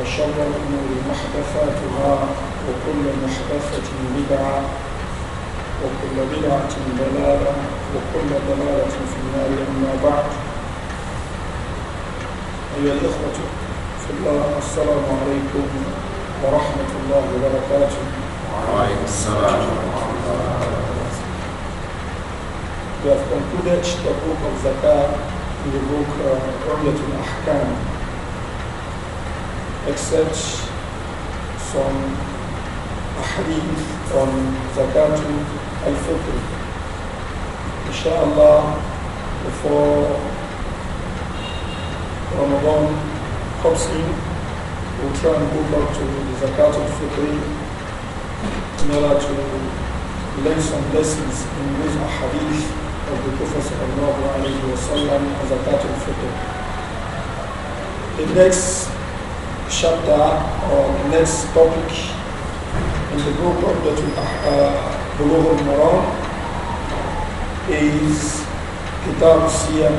وشر الأمور محدثاتها وكل محدثة بدعة وكل بدعة ضلالة وكل ضلالة في النار أما بعد أيها الإخوة في الله السلام عليكم ورحمة الله وبركاته وعليكم السلام ورحمة الله وبركاته We have concluded the book of Zakah in the book uh, Umyatul Ahkam from some hadith on Zakatul al-Fitr. Inshallah, before Ramadan comes in, we'll try and go back to the Zakatul al-Fitr in order to learn some lessons in a hadith of the Prophet sallallahu alayhi wa sallam Zakatul al-Fitr. The next chapter or the next topic in the book of the Bulugh al-Maram is Kitab al-Siyam.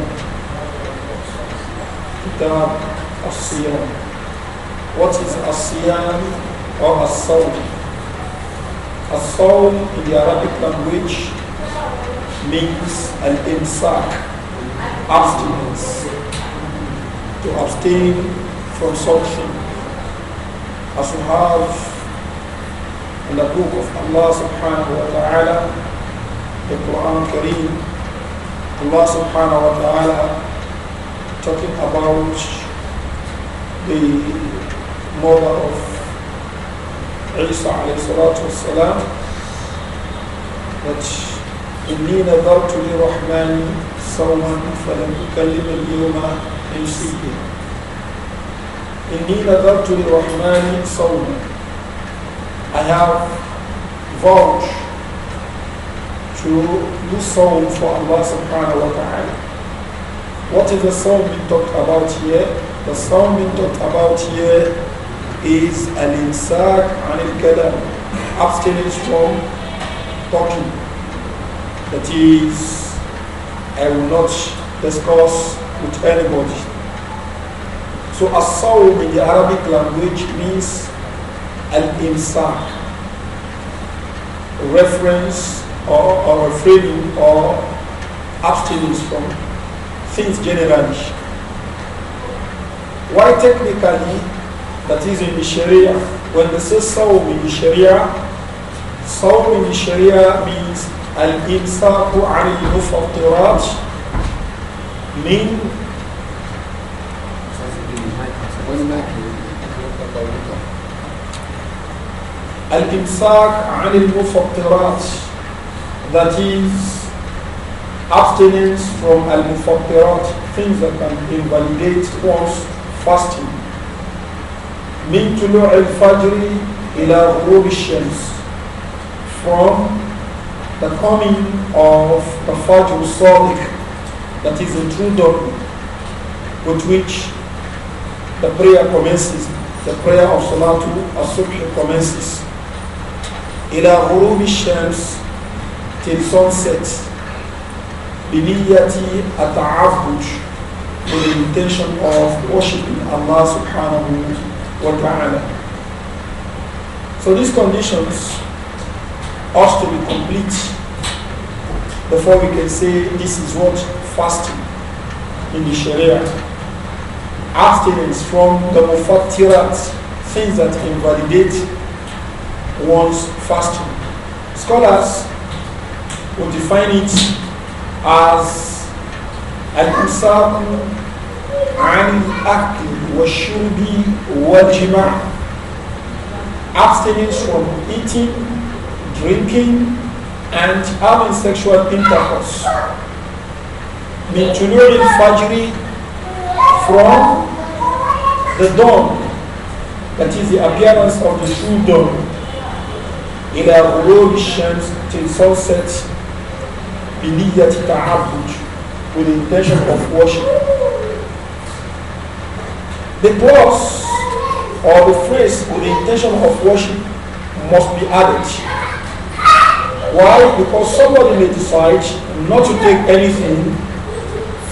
Kitab al-Siyam. What is al-Siyam or al-Sawm? Al-Sawm in the Arabic language means an imsak abstinence, to abstain from something as we have in the book of Allah subhanahu wa ta'ala, the Quran Kareem, Allah subhanahu wa ta'ala talking about the mother of Isa alayhi salatu wasalam that إني نذرت للرحمن صوما فلم أكلم اليوم إنسيا إني نذرت للرحمن صوما I have vowed to do psalm for Allah subhanahu wa ta'ala. What is the song being talked about here? The song being talked about here is al-imsak anil-kalam, abstinence from talking. That is, I will not discuss with anybody. So as-sawm in the Arabic language means al-imsak, reference or, or refraining or abstinence from things generally. Why technically, that is in the Sharia, when they say sawm in the Sharia, sawm in the Sharia means al-imsaku 'an al-mufṭirat min Al-Imsak عن المفطرات that is abstinence from al things that can invalidate one's fasting. Min tulu' al-fajri ila ghurub from the coming of the fajr sadiq that is the true dawn with which the prayer commences, the prayer of salatu as-subh commences. إلى غروب الشمس till sunset بنية التعبد with the intention of worshiping Allah subhanahu wa ta'ala. So these conditions ought to be complete before we can say this is what fasting in the Sharia. Abstinence from the mufattirat, things that invalidate one's fasting. Scholars will define it as الإمساك عن الأكل والشرب والجماع abstinence from eating, drinking, and having sexual intercourse. من طلوع الفجر from the dawn, that is the appearance of the true dawn إلى غروب الشمس till sunset بنية تعبد with the intention of worship. The clause or the phrase with the intention of worship must be added. Why? Because somebody may decide not to take anything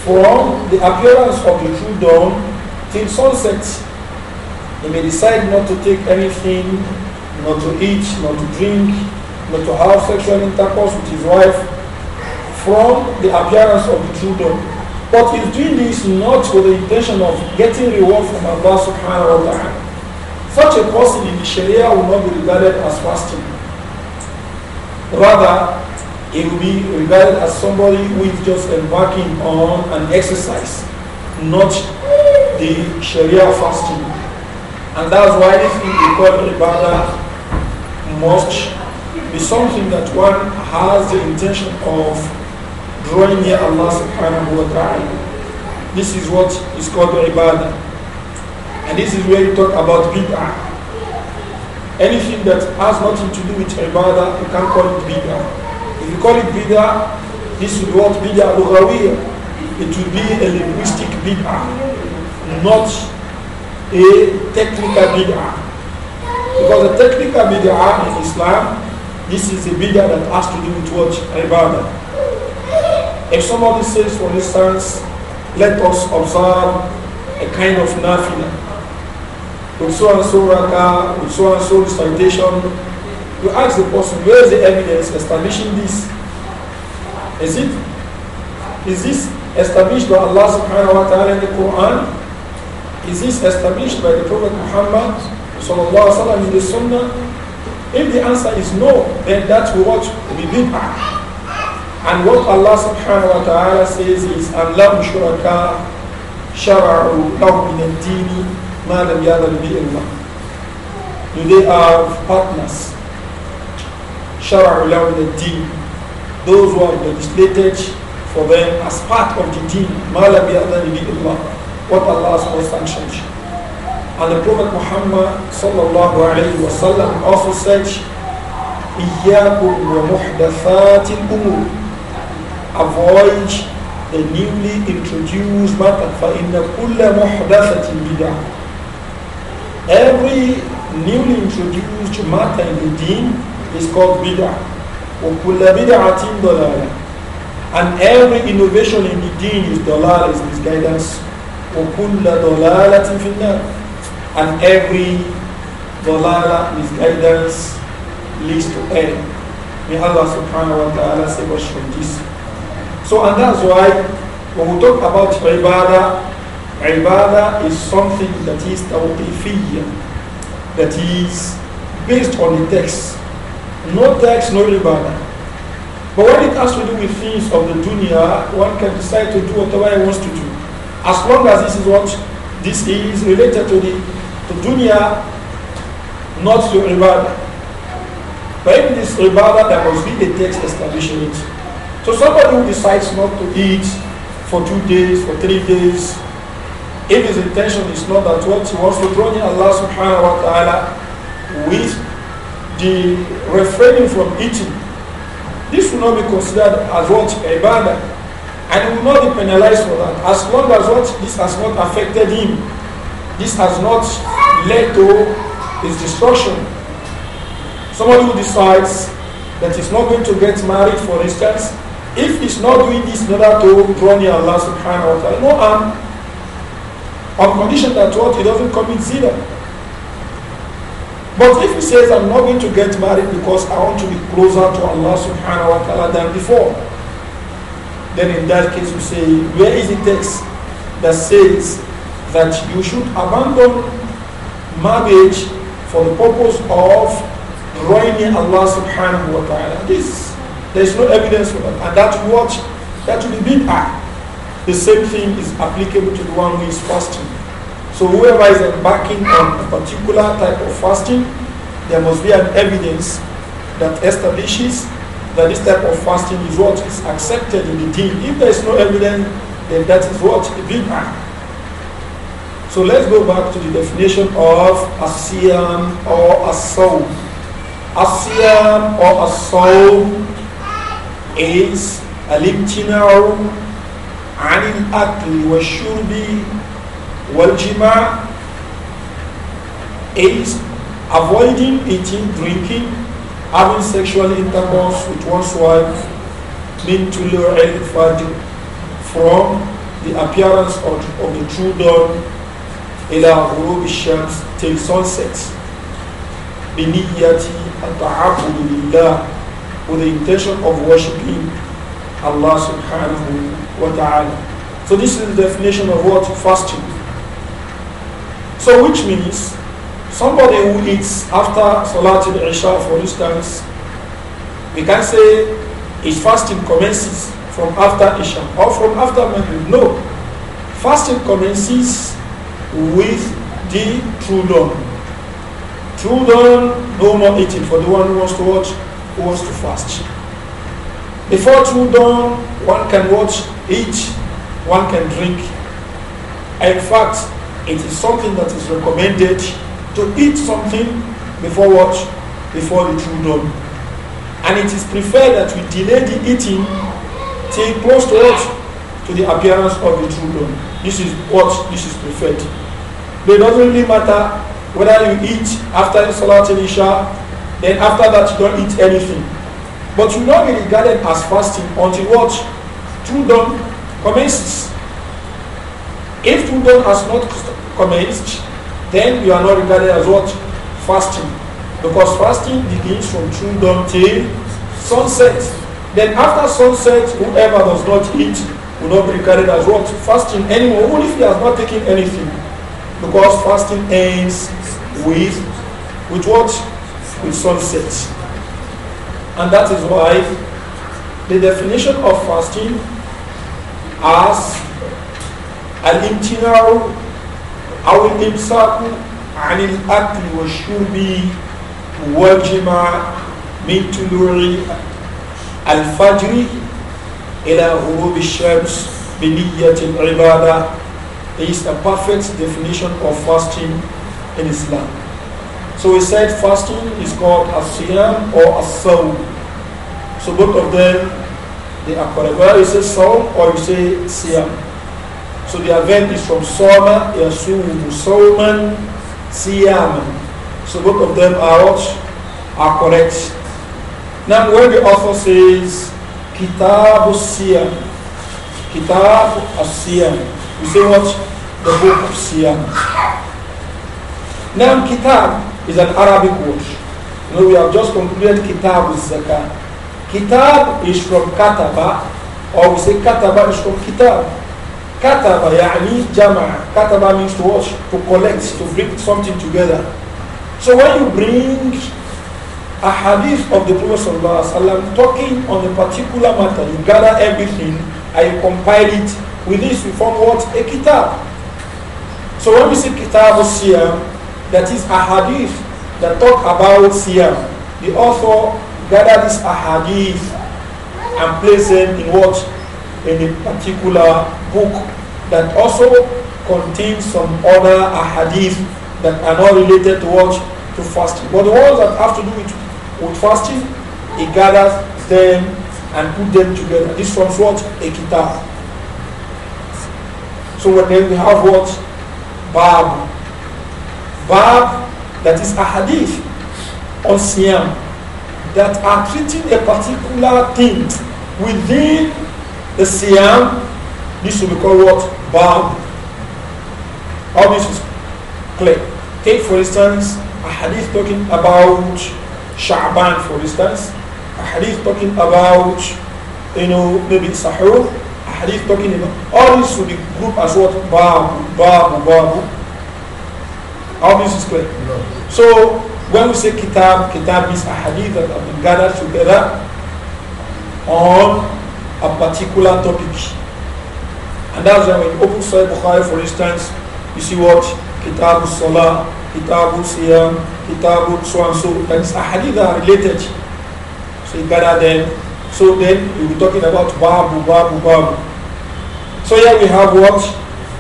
from the appearance of the true dawn till sunset. He may decide not to take anything not to eat, not to drink, not to have sexual intercourse with his wife from the appearance of the children. But he's doing this not with the intention of getting reward from Allah subhanahu wa ta'ala. Such a person in the Sharia will not be regarded as fasting. Rather, he will be regarded as somebody who is just embarking on an exercise, not the Sharia fasting. And that's why this is called Ibadah must be something that one has the intention of drawing near Allah subhanahu wa ta'ala. This is what is called ibadah. And this is where you talk about bid'ah. Anything that has nothing to do with ibadah, you can call it bid'ah. If you call it bid'ah, this is what bid'ah lughawiyah. It would be a linguistic bid'ah, not a technical bid'ah. Because the technical bid'ah in Islam, this is a bid'ah that has to do with what? Ibadah. If somebody says, for instance, let us observe a kind of nafila, with so and so raka, with so and so recitation, you ask the person, where is the evidence establishing this? Is it? Is this established by Allah subhanahu wa ta'ala in the Quran? Is this established by the Prophet Muhammad sallallahu sallam in the sunnah? If the answer is no, then that will what we bid'ah. And what Allah subhanahu wa ta'ala says is Allah shuraka shara'u lahu min ad-dini ma lam yadhal bi Do they have partners? Shara'u law min ad-dini. Those who are legislated for them as part of the deen, ma lam yadhal bi What Allah has not sanctioned. And the Prophet Muhammad sallallahu alayhi wa sallam also said, إِيَّاكُمْ وَمُحْدَثَاتِ الْأُمُورِ Avoid the newly introduced matter. فَإِنَّ كُلَّ مُحْدَثَةٍ بِدْعَةٍ Every newly introduced matter in the deen is called bid'ah. وَكُلَّ بِدْعَةٍ ضَلَالَةٍ And every innovation in the deen is dalal, is misguidance. وَكُلَّ ضَلَالَةٍ فِي النَّارِ and every dolala misguidance leads to error. May Allah subhanahu wa ta'ala save us from this. So and that's why when we talk about ibadah, ibadah is something that is tawqifiyya, that is based on the text. No text, no ibadah. But when it has to do with things of the dunya, one can decide to do whatever he wants to do. As long as this is what this is related to the to dunya, not to ibadah. But if it is ibadah, there must be a text establishing it. So somebody who decides not to eat for two days, for three days, if his intention is not that what he wants to draw in Allah subhanahu wa ta'ala with the refraining from eating, this will not be considered as what ibadah and he will not be penalized for that as long as what this has not affected him, this has not led to his destruction. Somebody who decides that he's not going to get married, for instance, if he's not doing this in order to draw near Allah subhanahu wa ta'ala, no harm. Um, on condition that what he doesn't commit zina. But if he says, I'm not going to get married because I want to be closer to Allah subhanahu wa ta'ala than before, then in that case you say, where is the text that says that you should abandon marriage for the purpose of ruining Allah subhanahu wa ta'ala. This, there is no evidence for that. And that's what, that will be bid'ah. The same thing is applicable to the one who is fasting. So whoever is embarking on a particular type of fasting, there must be an evidence that establishes that this type of fasting is what is accepted in the deen. If there is no evidence, then that is what bid'ah. So let's go back to the definition of asian or asawm. Asian or asawm is al-ibtina'u عن is avoiding eating, drinking, having sexual intercourse with one's wife min tulur al from the appearance of, of the true dog إلى غروب الشمس till sunset بنية التعبد لله with the intention of worshipping Allah subhanahu wa ta'ala. So this is the definition of what fasting. So which means somebody who eats after Salatul Isha for instance, we can say his fasting commences from after Isha or from after Maghrib. No. Fasting commences with the true dawn. True dawn, no more eating for the one who wants to watch, who wants to fast. Before true dawn, one can watch, eat, one can drink. In fact, it is something that is recommended to eat something before watch, Before the true dawn. And it is preferred that we delay the eating till close to watch To the appearance of the true dawn this is what this is preferred. But it doesn't really matter whether you eat after the Salat al Isha, then after that you don't eat anything. But you will not be regarded as fasting until what? True dawn commences. If true dawn has not commenced, then you are not regarded as what? Fasting. Because fasting begins from true dawn till sunset. Then after sunset, whoever does not eat will not be regarded as what? Fasting anymore, even if he has not taken anything. Because fasting ends with, with what? With sunset. And that is why the definition of fasting as الامتناع أو الإمساك عن الأكل والشرب والجماع mintuluri al-fajri. إلى غروب الشمس بنية العبادة is a perfect definition of fasting in Islam. So we said fasting is called as-siyam or as-sawm. So both of them, they are correct. Whether you say sawm or you say siyam. So the event is from sawma, yasumu, sawman, siyaman. So both of them are, are correct. Now when the author says Kitab Siyam. Kitab Siyam. You say what? The book of Now, Kitab is an Arabic word. You know, we have just concluded Kitab is Zakah. Kitab is from Kataba, or we say Kataba is from Kitab. Kataba, yani jama. Kataba means to watch, to collect, to bring something together. So when you bring a hadith of the Prophet am talking on a particular matter, you gather everything and you compile it. With this, you form what? A kitab. So when we see kitab of siyam, that is a hadith that talk about siyam. The author gather this ahadith and place them in what? In a particular book that also contains some other ahadith that are not related to what? To fasting. But the ones that have to do with with fasting, he gathers them and put them together. This forms what? A kitab. So when we have what? Bab. Bab, that is a hadith on Siam, that are treating a particular thing within the Siam. This will be called what? Bab. All this is clear. Take for instance, a hadith talking about Sha'ban, for instance, a hadith talking about, you know, maybe Sahur, a hadith talking about, all this will be grouped as what? Babu, Babu, Babu. All this is clear. No. So, when we say Kitab, Kitab is a hadith that have been gathered together on a particular topic. And that's why when you open Sahih Bukhari, for instance, you see what? Kitab Salah, Kitabu Siyam, Kitabu so and so. hadith are related. So you gather them. So then we will be talking about Babu, Babu, Babu. So here we have what?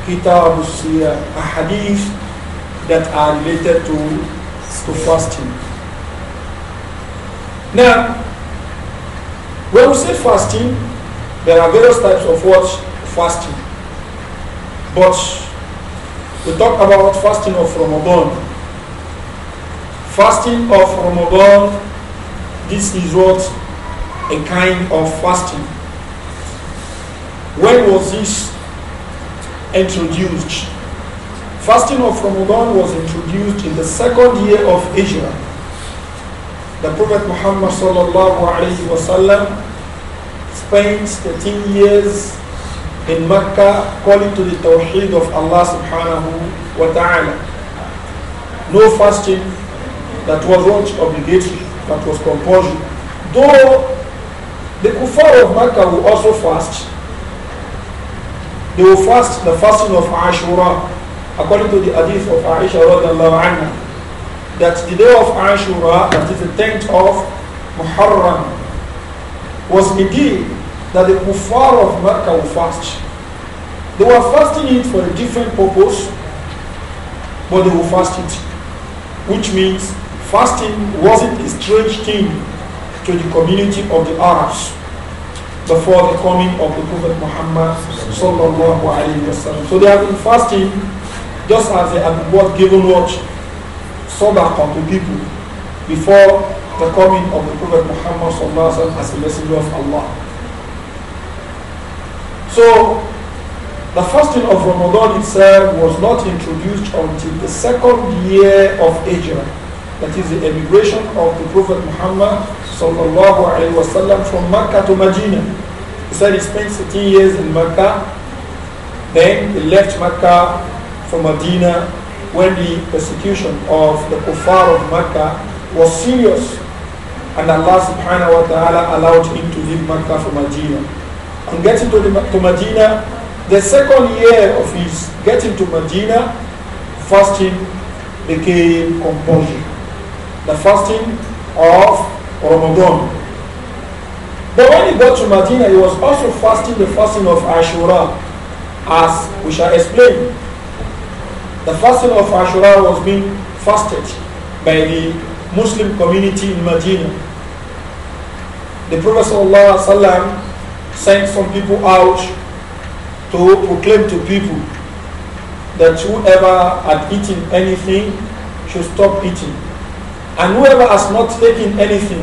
Kitabu Siyam, a hadith that are related to, to fasting. Now, when we say fasting, there are various types of what? Fasting. But we talk about fasting of Ramadan. Fasting of Ramadan, this is what a kind of fasting. When was this introduced? Fasting of Ramadan was introduced in the second year of Asia. The Prophet Muhammad sallallahu alaihi wasallam spent 13 years in Mecca calling to the Tawheed of Allah subhanahu wa ta'ala. No fasting that was not obligatory, that was compulsory. Though the kuffar of Mecca will also fast, they will fast the fasting of Ashura, according to the hadith of Aisha radiallahu anha, that the day of Ashura, that is the 10th of Muharram, was indeed that the kuffar of Mecca will fast. They were fasting it for a different purpose, but they will fast it. Which means fasting wasn't a strange thing to the community of the Arabs before the coming of the Prophet Muhammad sallallahu alaihi wasallam. So they have been fasting just as they have been given what sadaqah to people before the coming of the Prophet Muhammad sallallahu alaihi wasallam as a messenger of Allah. So the fasting of Ramadan itself was not introduced until the second year of Hijrah, that is the emigration of the Prophet Muhammad sallallahu alaihi wasallam from Mecca to Medina. He said he spent 13 years in Mecca, then he left Mecca for Medina when the persecution of the kuffar of Mecca was serious, and Allah subhanahu wa taala allowed him to leave Mecca for Medina and getting to, the, to Medina. The second year of his getting to Medina, fasting became compulsory. The fasting of Ramadan. But when he got to Medina, he was also fasting the fasting of Ashura, as we shall explain. The fasting of Ashura was being fasted by the Muslim community in Medina. The Prophet sent some people out to proclaim to people that whoever had eaten anything should stop eating. And whoever has not taken anything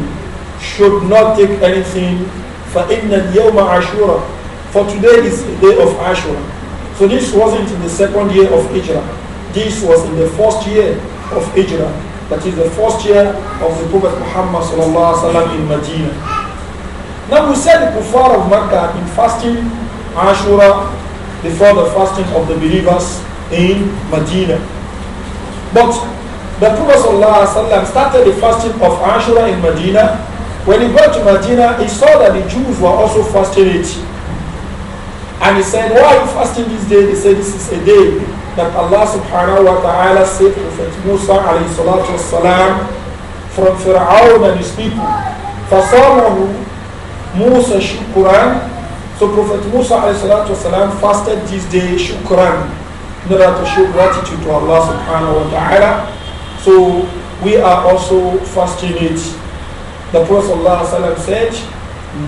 should not take anything. فَإِنَّ الْيَوْمَ Ashura. For today is the day of Ashura. So this wasn't in the second year of Hijrah. This was in the first year of Hijrah. That is the first year of the Prophet Muhammad in Medina. Now we said the kuffar of Makkah in fasting Ashura before the fasting of the believers in Medina. But the Prophet ﷺ started the fasting of Ashura in Medina. When he got to Medina, he saw that the Jews were also fasting it. And he said, why are you fasting this day? They said, this is a day that Allah subhanahu wa ta'ala saved Prophet Musa alayhi salatu wasalam from Fir'aun and his people. someone Musa shukran. So Prophet Musa والسلام, fasted this day shukran in order to show gratitude to Allah subhanahu wa ta'ala. So we are also fasting it. The Prophet ﷺ said,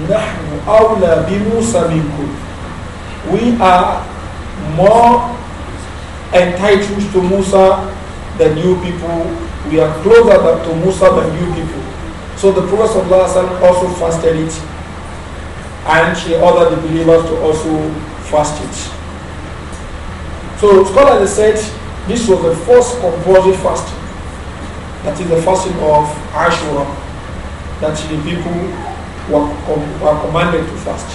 نَحْنُ أَوْلَى بِمُوسَى مِنْكُمْ We are more entitled to Musa than you people. We are closer to Musa than you people. So the Prophet ﷺ also fasted it and she ordered the believers to also fast it. So scholars said this was the first compulsory fasting, that is the fasting of Ashura, that the people were, were commanded to fast.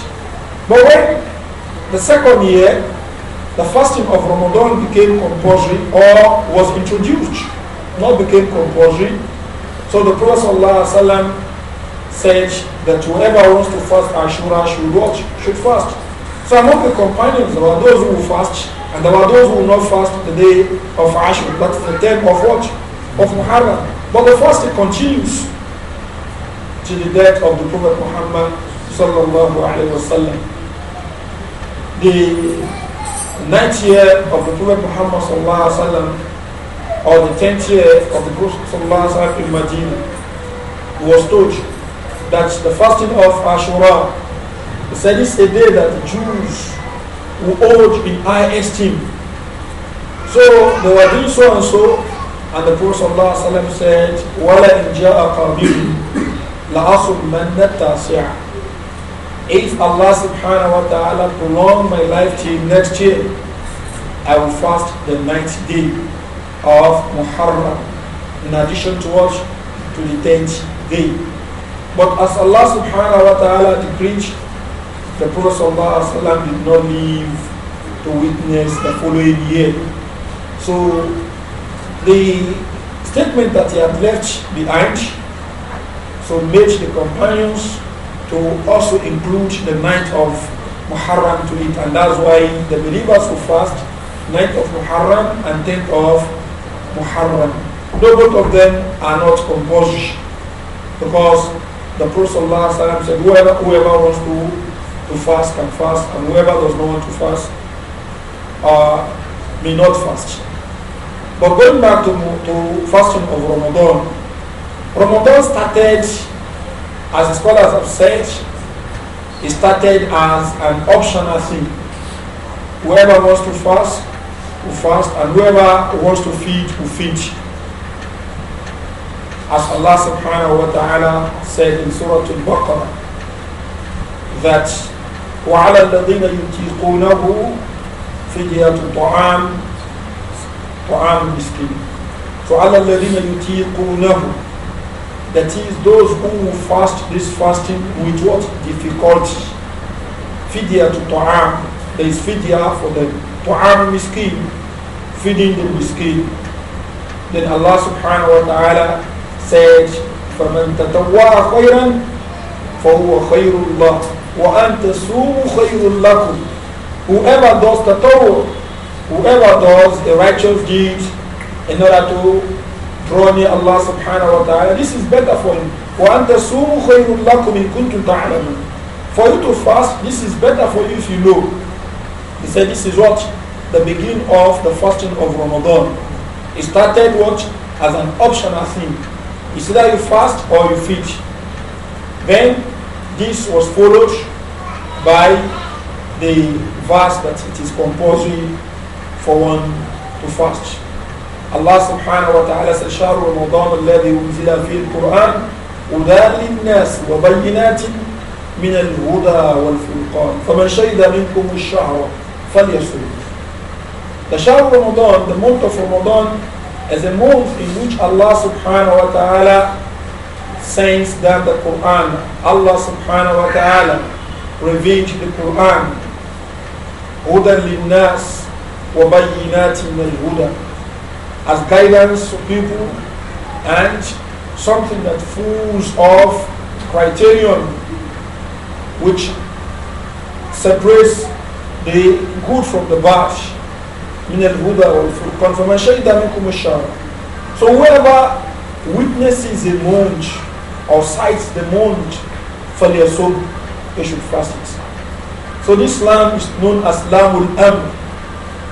But when the second year, the fasting of Ramadan became compulsory or was introduced, not became compulsory. So the Prophet ﷺ said that whoever wants to fast Ashura should watch, should fast. So among the companions, there were those who fast, and there were those who not fast the day of Ashura, but the day of watch Of Muharram. But the fasting continues to the death of the Prophet Muhammad sallallahu alaihi wasallam. The ninth year of the Prophet Muhammad sallallahu alaihi wasallam, or the tenth year of the Prophet sallallahu alaihi wasallam in Medina, was told that the fasting of Ashura, he said it's a day that the Jews who hold in high esteem. So they were doing so and so, and the Prophet ﷺ said, وَلَا إِنْ جَاءَ قَرْبِهِ لَأَصُمَّنَّ التَّاسِعَ If Allah subhanahu wa ta'ala prolong my life till next year, I will fast the ninth day of Muharram in addition to what? To the tenth day. But as Allah subhanahu wa ta'ala decreed, the Prophet sallam, did not leave to witness the following year. So the statement that he had left behind so made the companions to also include the night of Muharram to it. And that's why the believers who fast night of Muharram and 10th of Muharram. Though both of them are not compulsory because the Prophet ﷺ said, whoever, whoever wants to, to fast can fast, and whoever does not want to fast uh, may not fast. But going back to, to fasting of Ramadan, Ramadan started, as the scholars have said, it started as an optional thing. Whoever wants to fast, will fast, and whoever wants to feed, will feed. As Allah subhanahu wa ta'ala said in Surah Al-Baqarah that وَعَلَى الَّذِينَ يُتِيقُونَهُ فِدْيَةُ طَعَامٍ طَعَامٍ مِسْكِينٍ فَعَلَى الَّذِينَ يُتِيقُونَهُ That is those who fast this fasting with what difficulty. Fidya to ta'am. There is fidya for them. Ta'am miskin. Feeding the miskin. Then Allah subhanahu wa ta'ala said فَمَنْ تَتَوَّعَ خَيْرًا فَهُوَ خَيْرُ اللَّهِ وَأَنْ تَسُومُ خَيْرٌ لَكُمْ Whoever does the tatawwa, whoever does a righteous deed in order to draw near Allah subhanahu wa ta'ala, this is better for him. وَأَنْ تَسُومُ خَيْرٌ لَكُمْ إِن كُنْتُمْ تَعْلَمُونَ For you to fast, this is better for you if you know. He said this is what? The beginning of the fasting of Ramadan. It started what? As an optional thing. It's either you fast or you feed. Then this was followed by the verse that it is compulsory for one to fast. Allah subhanahu wa ta'ala says, شهر رمضان الذي أنزل فيه القرآن هدى للناس وبينات من الهدى والفرقان فمن شهد منكم الشهر فليصوم The شهر Ramadan, the month of Ramadan as a mode in which Allah subhanahu wa ta'ala sends that the Quran. Allah subhanahu wa ta'ala revealed the Quran. هُدًى لِلنَّاسِ وَبَيِّنَاتٍ مِنَ As guidance to people and something that falls of criterion which separates the good from the bad من الهدى والفرقان فمن شهد منكم الشهر So whoever witnesses a month or sights the month فليصوم they should fast it. So this lamb is known as Lamul Amr,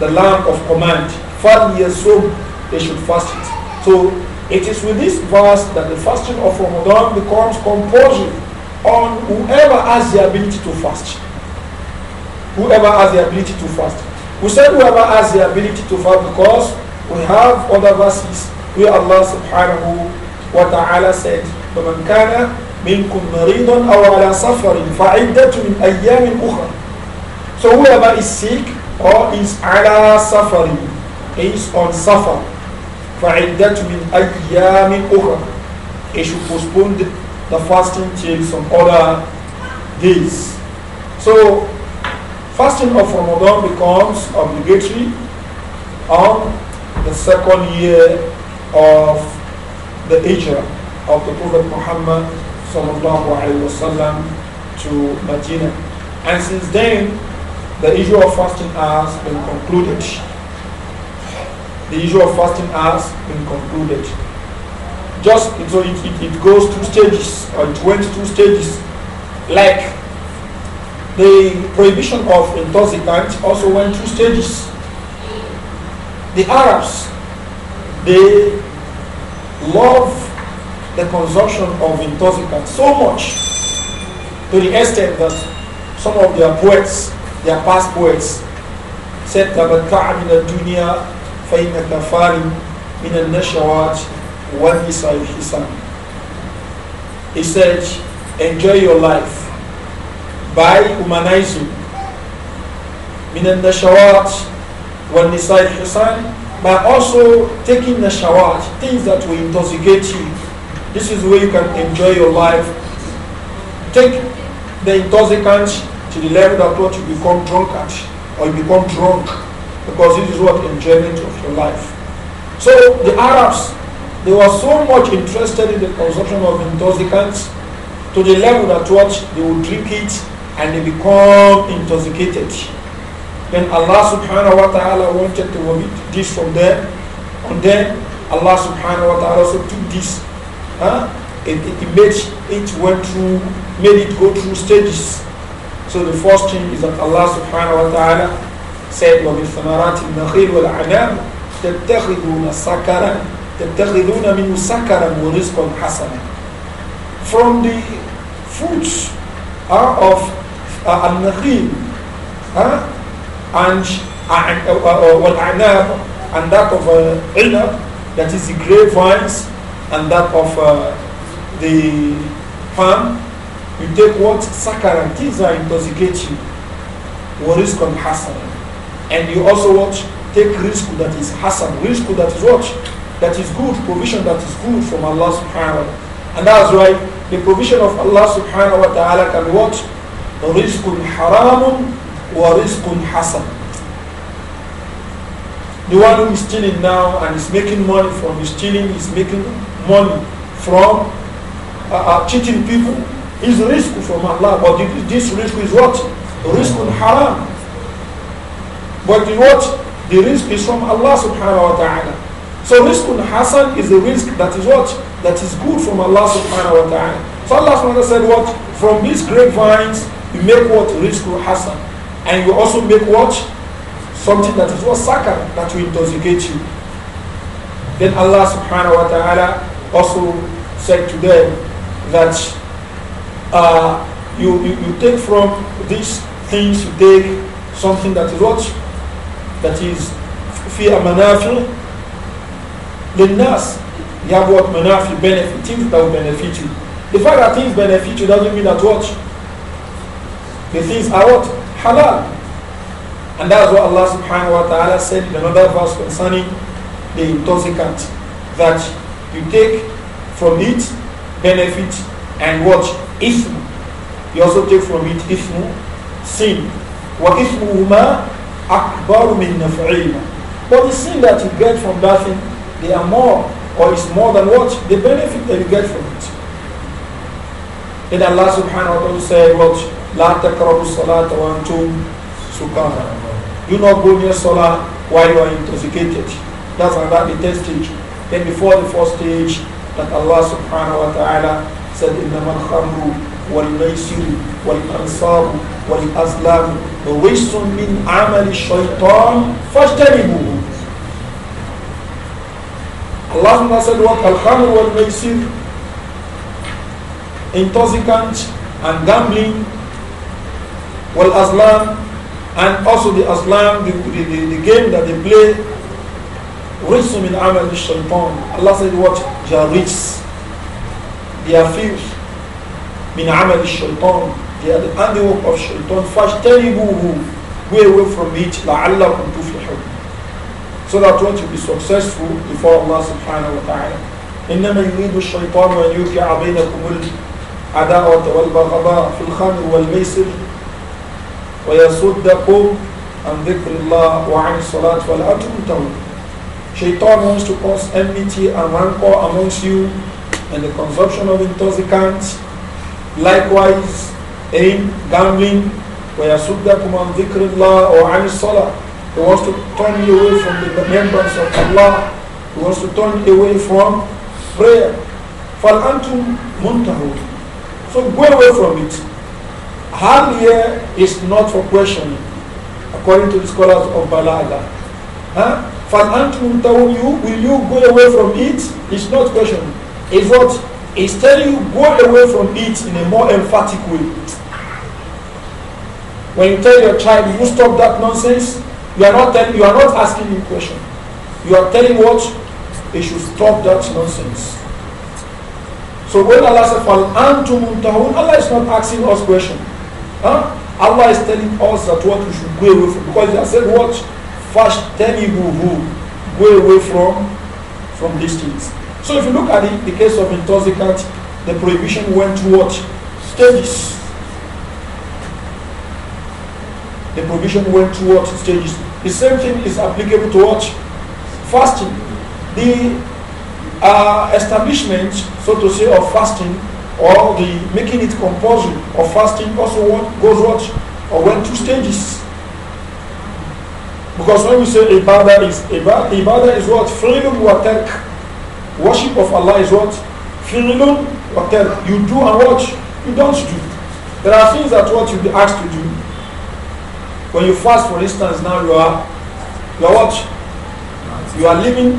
the lamb of command. فليصوم they should fast it. So it is with this verse that the fasting of Ramadan becomes compulsory on whoever has the ability to fast. Whoever has the ability to fast. We said whoever has the ability to fast because we have other verses where Allah subhanahu wa ta'ala said, فَمَنْ كَانَ مِنْكُمْ مَرِيضًا أَوْ عَلَى سَفَرٍ فَعِدَّةٌ مِنْ أَيَّامٍ أُخْرَى So whoever is sick or is ala suffering, is on suffer, فَعِدَّةٌ مِنْ أَيَّامٍ أُخْرَى He should postpone the fasting till some other days. So fasting of Ramadan becomes obligatory on the second year of the Hijrah of the Prophet Muhammad sallallahu alaihi wasallam to Medina. And since then, the issue of fasting has been concluded. The issue of fasting has been concluded. Just so it, it, it goes through stages, or it went through stages, like the prohibition of intoxicants also went through stages. The Arabs, they love the consumption of intoxicants so much to the extent that some of their poets, their past poets, said that al مِنَ الدُّنْيَا فَإِنَّكَ nashawat مِنَ al وَالْنِسَاءِ الْحِسَانِ He said, enjoy your life by humanizing من النشوات والنساء الحصان by also taking shawat, things that will intoxicate you. This is where you can enjoy your life. Take the intoxicant to the level that what you become drunkard or you become drunk because this is what enjoyment of your life. So the Arabs, they were so much interested in the consumption of intoxicants to the level that what they would drink it and they become intoxicated. Then Allah subhanahu wa ta'ala wanted to vomit this from them. and then Allah subhanahu wa ta'ala also took this. Huh? It, it, it made it went through, made it go through stages. So the first thing is that Allah subhanahu wa ta'ala said ومن ثمرات النخيل والعناب تتخذون سكرا تتخذون منه سكرا ورزقا حسنا from the fruits are of النخيل huh? and uh, uh and that of uh, عنب that is the grapevines and that of uh, the palm you take what sakaran is are intoxicating what is risk hasan and you also watch take risk that is hasan risk that is what that is good provision that is good from Allah subhanahu wa ta'ala and that's why the provision of Allah subhanahu wa ta'ala can be what رزق حرام ورزق حسن the one who is stealing now and is making money from stealing is making money from uh, uh, cheating people is risk from Allah but this risk is what? risk haram but what? the risk is from Allah subhanahu wa ta'ala so risk hasan is a risk that is what? that is good from Allah subhanahu wa ta'ala so Allah subhanahu wa ta'ala said what? from these grapevines you make what? Rizqu Hassan. And you also make what? Something that is what? Sakar, that will intoxicate you. Then Allah subhanahu wa ta'ala also said to them that uh, you, you, you take from these things, you take something that is what? That is fi manafi nas, You have what manafi benefit, things that will benefit you. The fact that things benefit you doesn't mean that what the things are what? Halal. And that's what Allah subhanahu wa ta'ala said in another verse concerning the intoxicant. That you take from it benefit and what? Ism. You also take from it ism, sin. وَإِثْمُهُمَا أَكْبَرُ مِنْ نَفْعِهِمَا But the sin that you get from that thing, they are more or it's more than what? The benefit that you get from it. Then Allah subhanahu wa ta'ala said what? La takrabu salata wa antum sukara. Do not go near salah while you are intoxicated. That's another the test stage. Then before the fourth stage, that Allah subhanahu wa ta'ala said, إِنَّمَا الْخَمْرُ والميسر والأنصار والأزلام رجس من عمل الشيطان فاجتنبوه اللهم صل الخمر والميسر intoxicant and gambling well, Aslam, and also the Aslam, the, the, the, the game that they play, Rizum in Amal Shaitan. Allah said, What? They They are filled. Min Amal Shaitan. They are the handiwork of Shaitan. Fashtanibuhu. Way away from it. La'allakum tuflihun so that want to be successful before Allah subhanahu wa ta'ala. إنما يريد الشيطان أن يوقع بينكم العداوة والبغضاء في الخمر والميسر وَيَصُدَّكُمْ عَنْ ذِكْرِ اللَّهِ وَعَنِ الصَّلَاةِ وَلَا تُمْتَرُونَ Shaitan wants to cause enmity and rancor amongst you and the consumption of intoxicants. Likewise, aim, gambling, وَيَصُدَّكُمْ عَنْ ذِكْرِ اللَّهِ وَعَنِ الصَّلَاةِ He wants to turn you away from the remembrance of Allah. He wants to turn you away from prayer. فَالْأَنْتُمْ مُنْتَهُونَ So go away from it. Harm here is not for questioning, according to the scholars of Balaga. Huh? فَالْأَنْتُمْ تَوْمِيُ Will you go away from it? It's not questioning. It's what? It's telling you go away from it in a more emphatic way. When you tell your child, you stop that nonsense, you are not telling, you are not asking him question. You are telling what? It should stop that nonsense. So when Allah says, فَالْأَنْتُمْ تَوْمِيُ Allah is not asking us question. Huh? Allah is telling us that what we should go away from. Because He has said what? First tell me who go away from from these things. So if you look at it, the case of intoxicant, the prohibition went through what? Stages. The prohibition went through what? Stages. The same thing is applicable to what? Fasting. The uh, establishment, so to say, of fasting or the making it compulsory or fasting also what goes what or went two stages. Because when we say ibadah is ibadah, ibadah is what filun wa tark. Worship of Allah is what filun wa tark. You do and watch you don't do. There are things that what you be asked to do. When you fast, for instance, now you are you are what you are living,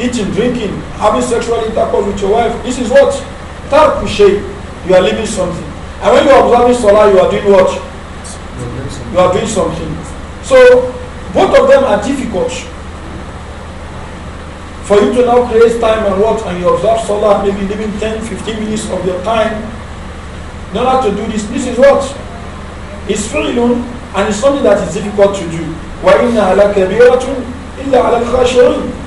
eating, drinking, having sexual intercourse with your wife. This is what Tarku shape, you are leaving something. And when you are observing Salah, you are doing what? You are doing something. So both of them are difficult. For you to now create time and what and you observe Salah, maybe leaving 10, 15 minutes of your time in order to do this. This is what? It's fi'lun and it's something that is difficult to do. وَإِنَّهَا لَكَبِيرَةٌ إِلَّا عَلَى الْخَاشِرِينَ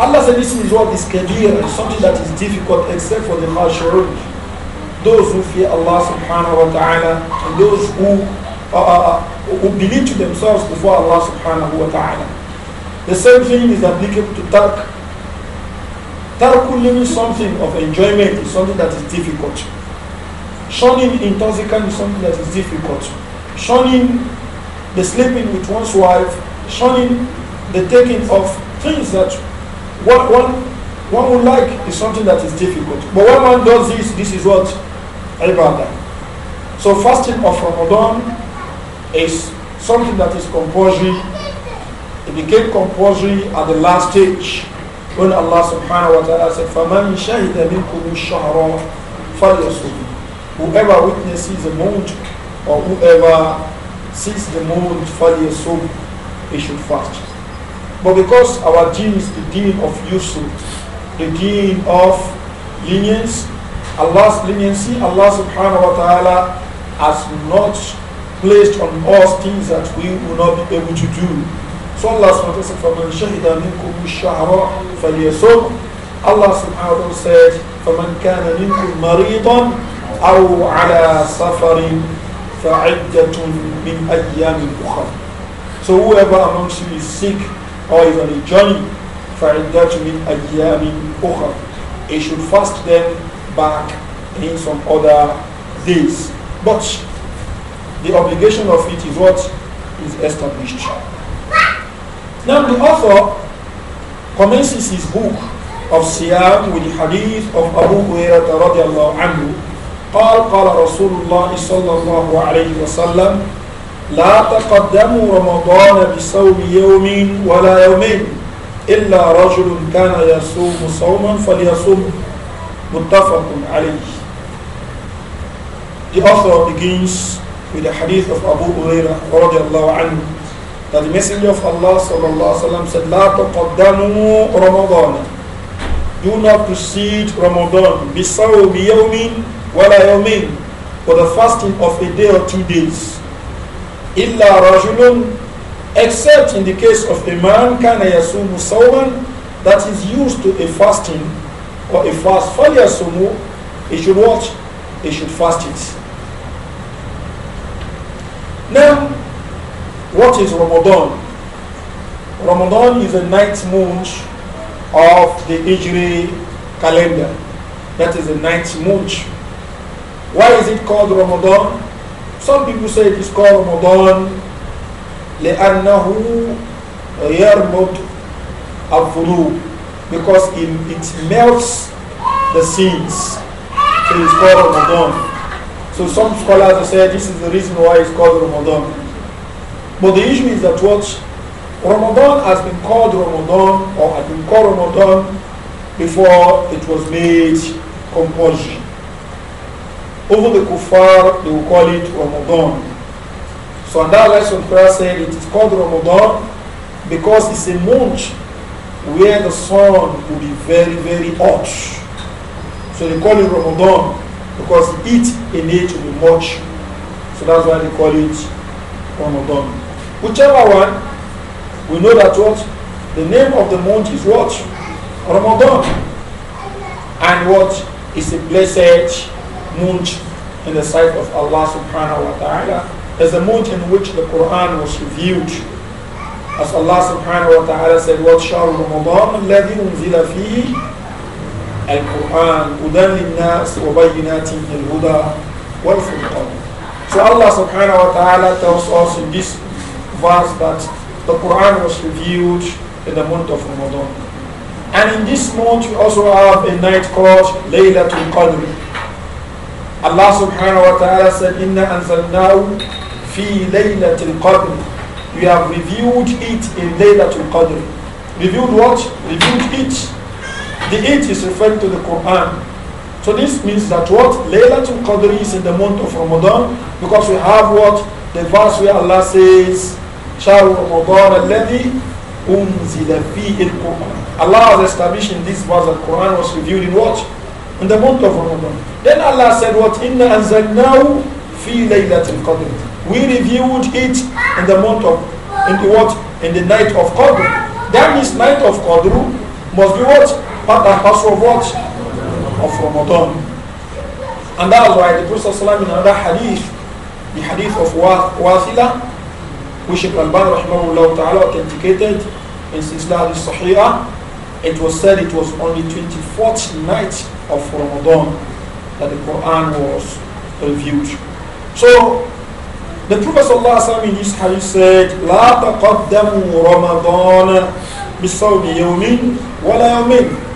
Allah said this is what is kabir, something that is difficult except for the mashurun. Those who fear Allah subhanahu wa ta'ala and those who, uh, uh, uh, who believe to themselves before Allah subhanahu wa ta'ala. The same thing is applicable to tark. Tark means something of enjoyment is something that is difficult. Shunning intoxicant is something that is difficult. Shunning the sleeping with one's wife, shunning the taking of things that what one, one would like is something that is difficult. But when one does this, this is what? Ibadah. So fasting of Ramadan is something that is compulsory. It became compulsory at the last stage when Allah subhanahu wa ta'ala said, فَمَنْ شَهِدَ مِنْكُمُ الشَّهْرَ فَلْيَصُمْ Whoever witnesses the moon or whoever sees the moon فَلْيَصُمْ He should fast. But because our deen is the deen of Yusuf, the deen of lenience, Allah's leniency, Allah subhanahu wa ta'ala has not placed on us things that we will not be able to do. So Allah subhanahu wa ta'ala said, فَمَنْ Allah subhanahu wa ta'ala said, فَمَنْ كَانَ مِنكُمْ مَرِيضًا أَوْ عَلَى سَفَرٍ فَعِدَّةٌ مِنْ أَيَّامٍ أُخَرٍ So whoever amongst you is sick, or is on a journey, فَعِدَّةُ a أَيَّامٍ أُخَرٍ He should fast them back in some other days. But the obligation of it is what is established. Now the author commences his book of Siyam with the hadith of Abu Hurairah radiallahu anhu قال قال رسول الله صلى الله عليه وسلم لا تقدموا رمضان بصوم يوم ولا يومين إلا رجل كان يصوم صوما فليصوم متفق عليه The author begins with the hadith of Abu Huraira الله عنه that the messenger of Allah الله عليه وسلم said لا تقدموا رمضان do not precede Ramadan بصوم يوم ولا يومين for the fasting of a day or two days illa rajulun, Except in the case of a man kana yasumu صَوْمًا That is used to a fasting or a fast. for yasumu, He should watch, he should fast it. Now, what is Ramadan? Ramadan is the ninth month of the Hijri calendar. That is the ninth month. Why is it called Ramadan? Some people say it is called Ramadan لأنه يربط الفضول because it, it melts the sins. So it is called Ramadan. So some scholars have said this is the reason why it's called Ramadan. But the issue is that what Ramadan has been called Ramadan or has been called Ramadan before it was made compulsory. Over the kufar, they will call it Ramadan. So in that lesson prayer said it is called Ramadan because it's a month where the sun will be very, very hot. So they call it Ramadan because it in it will be much. So that's why they call it Ramadan. Whichever one, we know that what the name of the month is what? Ramadan. And what is a blessed Munj in the sight of Allah subhanahu wa ta'ala is the month in which the Quran was revealed. As Allah subhanahu wa ta'ala said, What shall Ramadan الَّذِي أُنزِلَ فِيهِ الْقُرْآنِ هُدًى لِلنَّاسِ وَبَيِّنَاتٍ مِنَ الْهُدَى وَالْفُرْقَانِ So Allah subhanahu wa ta'ala tells us in this verse that the Quran was revealed in the month of Ramadan. And in this month, we also have a night called Laylatul Qadr. Allah subhanahu wa ta'ala said, Inna anzalnahu fi laylatil qadr. We have reviewed it in laylatul qadr. Reviewed what? Reviewed it. The it is referring to the Quran. So this means that what? Laylatul qadr is in the month of Ramadan because we have what? The verse where Allah says, شهر رمضان الذي أنزل il Quran. Allah has established in this verse that Quran was reviewed in what? in the month of Ramadan. Then Allah said, What inna anzalnahu fi in qadr. We reviewed it in the month of in the what in the night of Qadr. That means night of Qadr must be what part and parcel of what of Ramadan. And that's why the Prophet ﷺ in another hadith, the hadith of Wathila, which Ibn Al-Ban rahimahullah ta'ala authenticated in Sisla al-Sahihah, it was said it was only 24th night of Ramadan that the Quran was reviewed. So the Prophet ﷺ in his hadith said, لا تقدموا رمضان بصوم What ولا يومين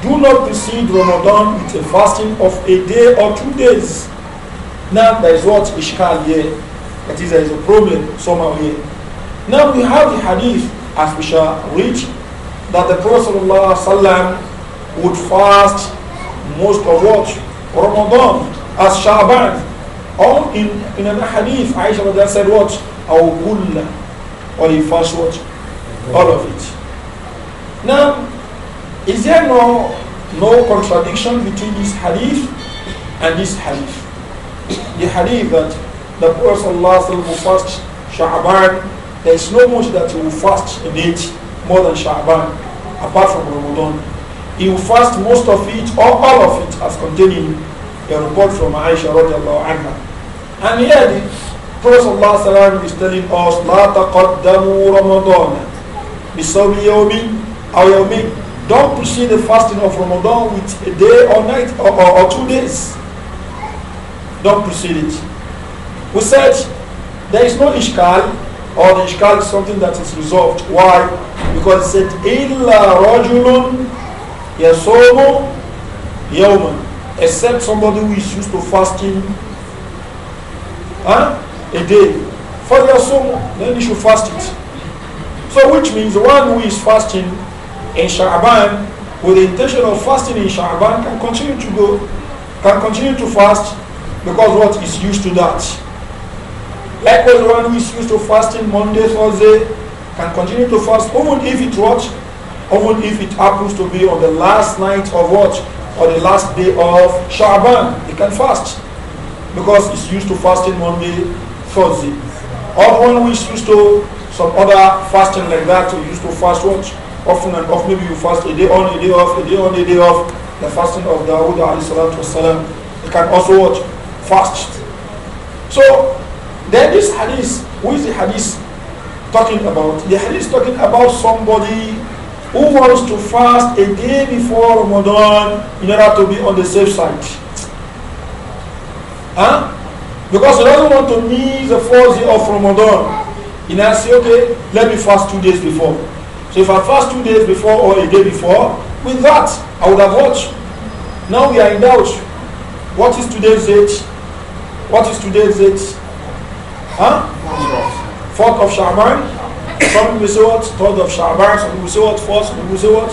do not precede Ramadan with a fasting of a day or two days. Now there is what Ishkal here. That is, there is a problem somehow here. Now we have the hadith as we shall reach that the Prophet ﷺ would fast most of what? Ramadan as Shaban. Or in, in an hadith, Aisha said what? Our kulla. Or he fast what? All of it. Now, is there no, no contradiction between this hadith and this hadith? The hadith that the Prophet ﷺ will fast Shaban, there is no much that he will fast in it more than Sha'ban, apart from Ramadan. He will fast most of it or all of it as containing a report from Aisha radiallahu anha. And here the Prophet sallallahu is telling us, لا تقدموا رمضان بصوم أو Don't precede the fasting of Ramadan with a day or night or, or, or two days. Don't precede it. We said there is no ishkal or the ishkal is something that is resolved. Why? Because it said, إِلَّا رَجُلٌ يَصُومُ يَوْمًا Except somebody who is used to fasting huh, a day. For فَلْيَصُومُ Then he should fast it. So which means the one who is fasting in Sha'ban with the intention of fasting in Sha'ban can continue to go, can continue to fast because what is used to that. Likewise, the one who is used to fasting Monday, Thursday, can continue to fast even if it what? Even if it happens to be on the last night of what? Or the last day of Sha'ban. He can fast. Because it's used to fasting Monday, Thursday. Or when we used to some other fasting like that, we used to fast what? Often and often, maybe you fast a day on, a day off, a day on, a day off. The fasting of Dawood alayhi salatu wasalam. You can also watch Fast. So, then this hadith, who is the hadith talking about? The hadith is talking about somebody who wants to fast a day before Ramadan in order to be on the safe side. Huh? Because he doesn't want to miss the first day of Ramadan. He now say, okay, let me fast two days before. So if I fast two days before or a day before, with that, I would have watched. Now we are in doubt. What is today's date? What is today's date? Huh? 4th of Shaban, some people say what? 3rd of Shaban, some people say what? 4th, some people say what?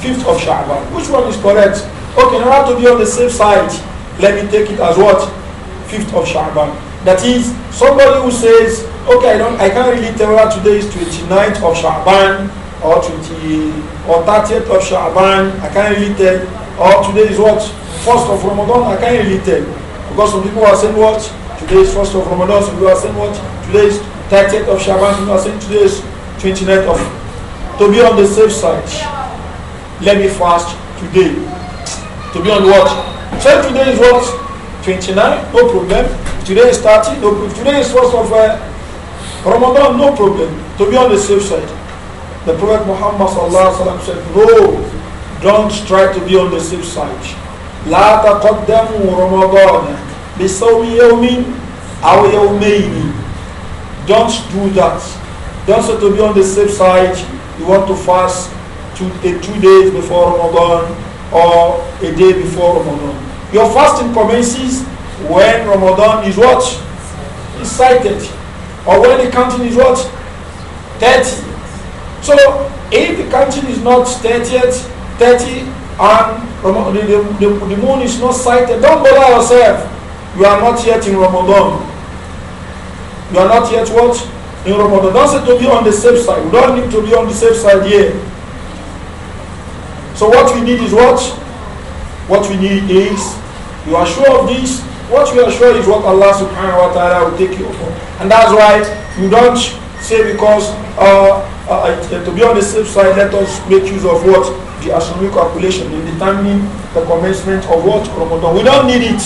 5th of Shaban. Which one is correct? Okay, in order to be on the safe side, let me take it as what? 5th of Shaban. That is, somebody who says, okay, I, don't, I can't really tell what today is 29th of Shaban or 20 or 30th of Shaban, I can't really tell. Or today is what? 1st of Ramadan, I can't really tell. Because some people are saying what? Today is 1st of Ramadan, some people are saying what? Today is 30th of Shaban, you today is 29th of. To be on the safe side, let me fast today. To be on what? So today is what? 29, no problem. Today is 30, no problem. Today is 1st of uh, Ramadan, no problem. To be on the safe side. The Prophet Muhammad said, No, don't try to be on the safe side. لا تقدموا رمضان بصوم يوم أو يومين don't do that. Don't say to be on the safe side, you want to fast two, two days before Ramadan or a day before Ramadan. Your fasting commences when Ramadan is It's sighted. Or when the counting is what? 30. So if the counting is not yet, 30 and the, the, the, the moon is not sighted, don't bother yourself. You are not yet in Ramadan. You are not yet what? In Ramadan. Don't say to be on the safe side. We don't need to be on the safe side here. So what we need is what? What we need is, you are sure of this, what you are sure is what Allah subhanahu wa ta'ala will take you for. And that's why you don't say because uh, uh, uh, to be on the safe side, let us make use of what? The astronomical calculation in determining the commencement of what? Ramadan. We don't need it.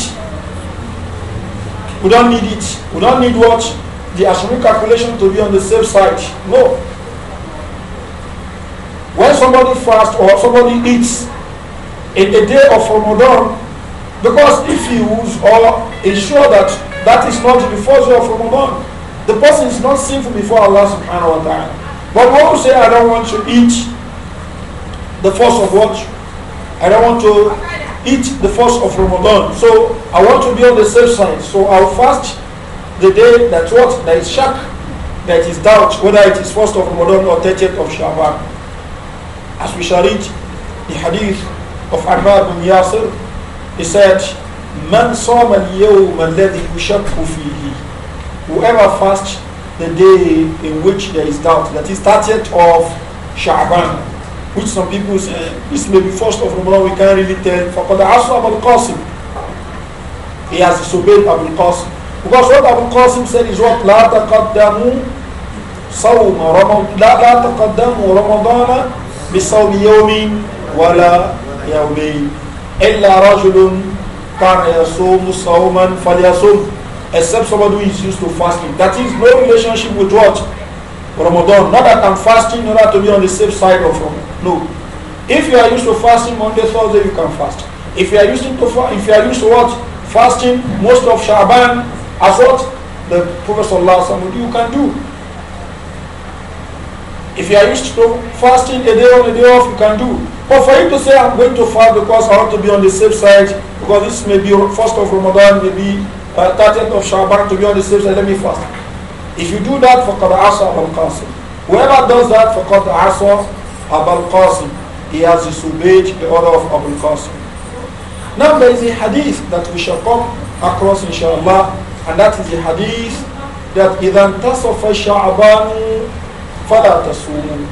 We don't need it. We don't need what? the Ashami calculation to be on the safe side. No. When somebody fasts or somebody eats in a day of Ramadan, because if he use or ensure that that is not the first day of Ramadan, the person is not sinful before Allah subhanahu wa ta'ala. But when you say, I don't want to eat the first of what? I don't want to eat the first of Ramadan. So I want to be on the safe side. So I'll fast the day that what? That is shak, that is doubt, whether it is 1st of Ramadan or 30th of Shawwal. As we shall read the hadith of Ammar bin Yasir, he said, Man صام اليوم الذي يشك fihi." Whoever fasts the day in which there is doubt, that is 30th of Sha'ban, which some people say, this may be first of Ramadan, we can't really tell. فَقَدْ aswab al Qasim, He has disobeyed Abu al-Qasim. Because what Abu Qasim said is what? لا تقدموا صوم رمضان لا, لا تقدموا رمضان بصوم يوم ولا يومين إلا رجل كان يصوم صوما فليصوم except somebody who is used to fasting. That is no relationship with what? Ramadan. Not that I'm fasting in to be on the safe side of Ramadan. No. If you are used to fasting Monday, Thursday, you can fast. If you are used to if you are used to what? Fasting most of Shaban, as what the Prophet Sallallahu you can do. If you are used to fasting a day on a day off, you can do. But for you to say, I'm going to fast because I want to be on the safe side, because this may be first of Ramadan, maybe uh, 30th of Shaban, to be on the safe side, let me fast. If you do that, for faqad asa Abul qasim. Whoever does that, for faqad asa Abul qasim. He has disobeyed the order of Abu Qasim. Now there is a hadith that we shall come across, inshallah, and that is the hadith that إِذَا انْتَصَفَ شَعْبَانُ fala تَصُومُ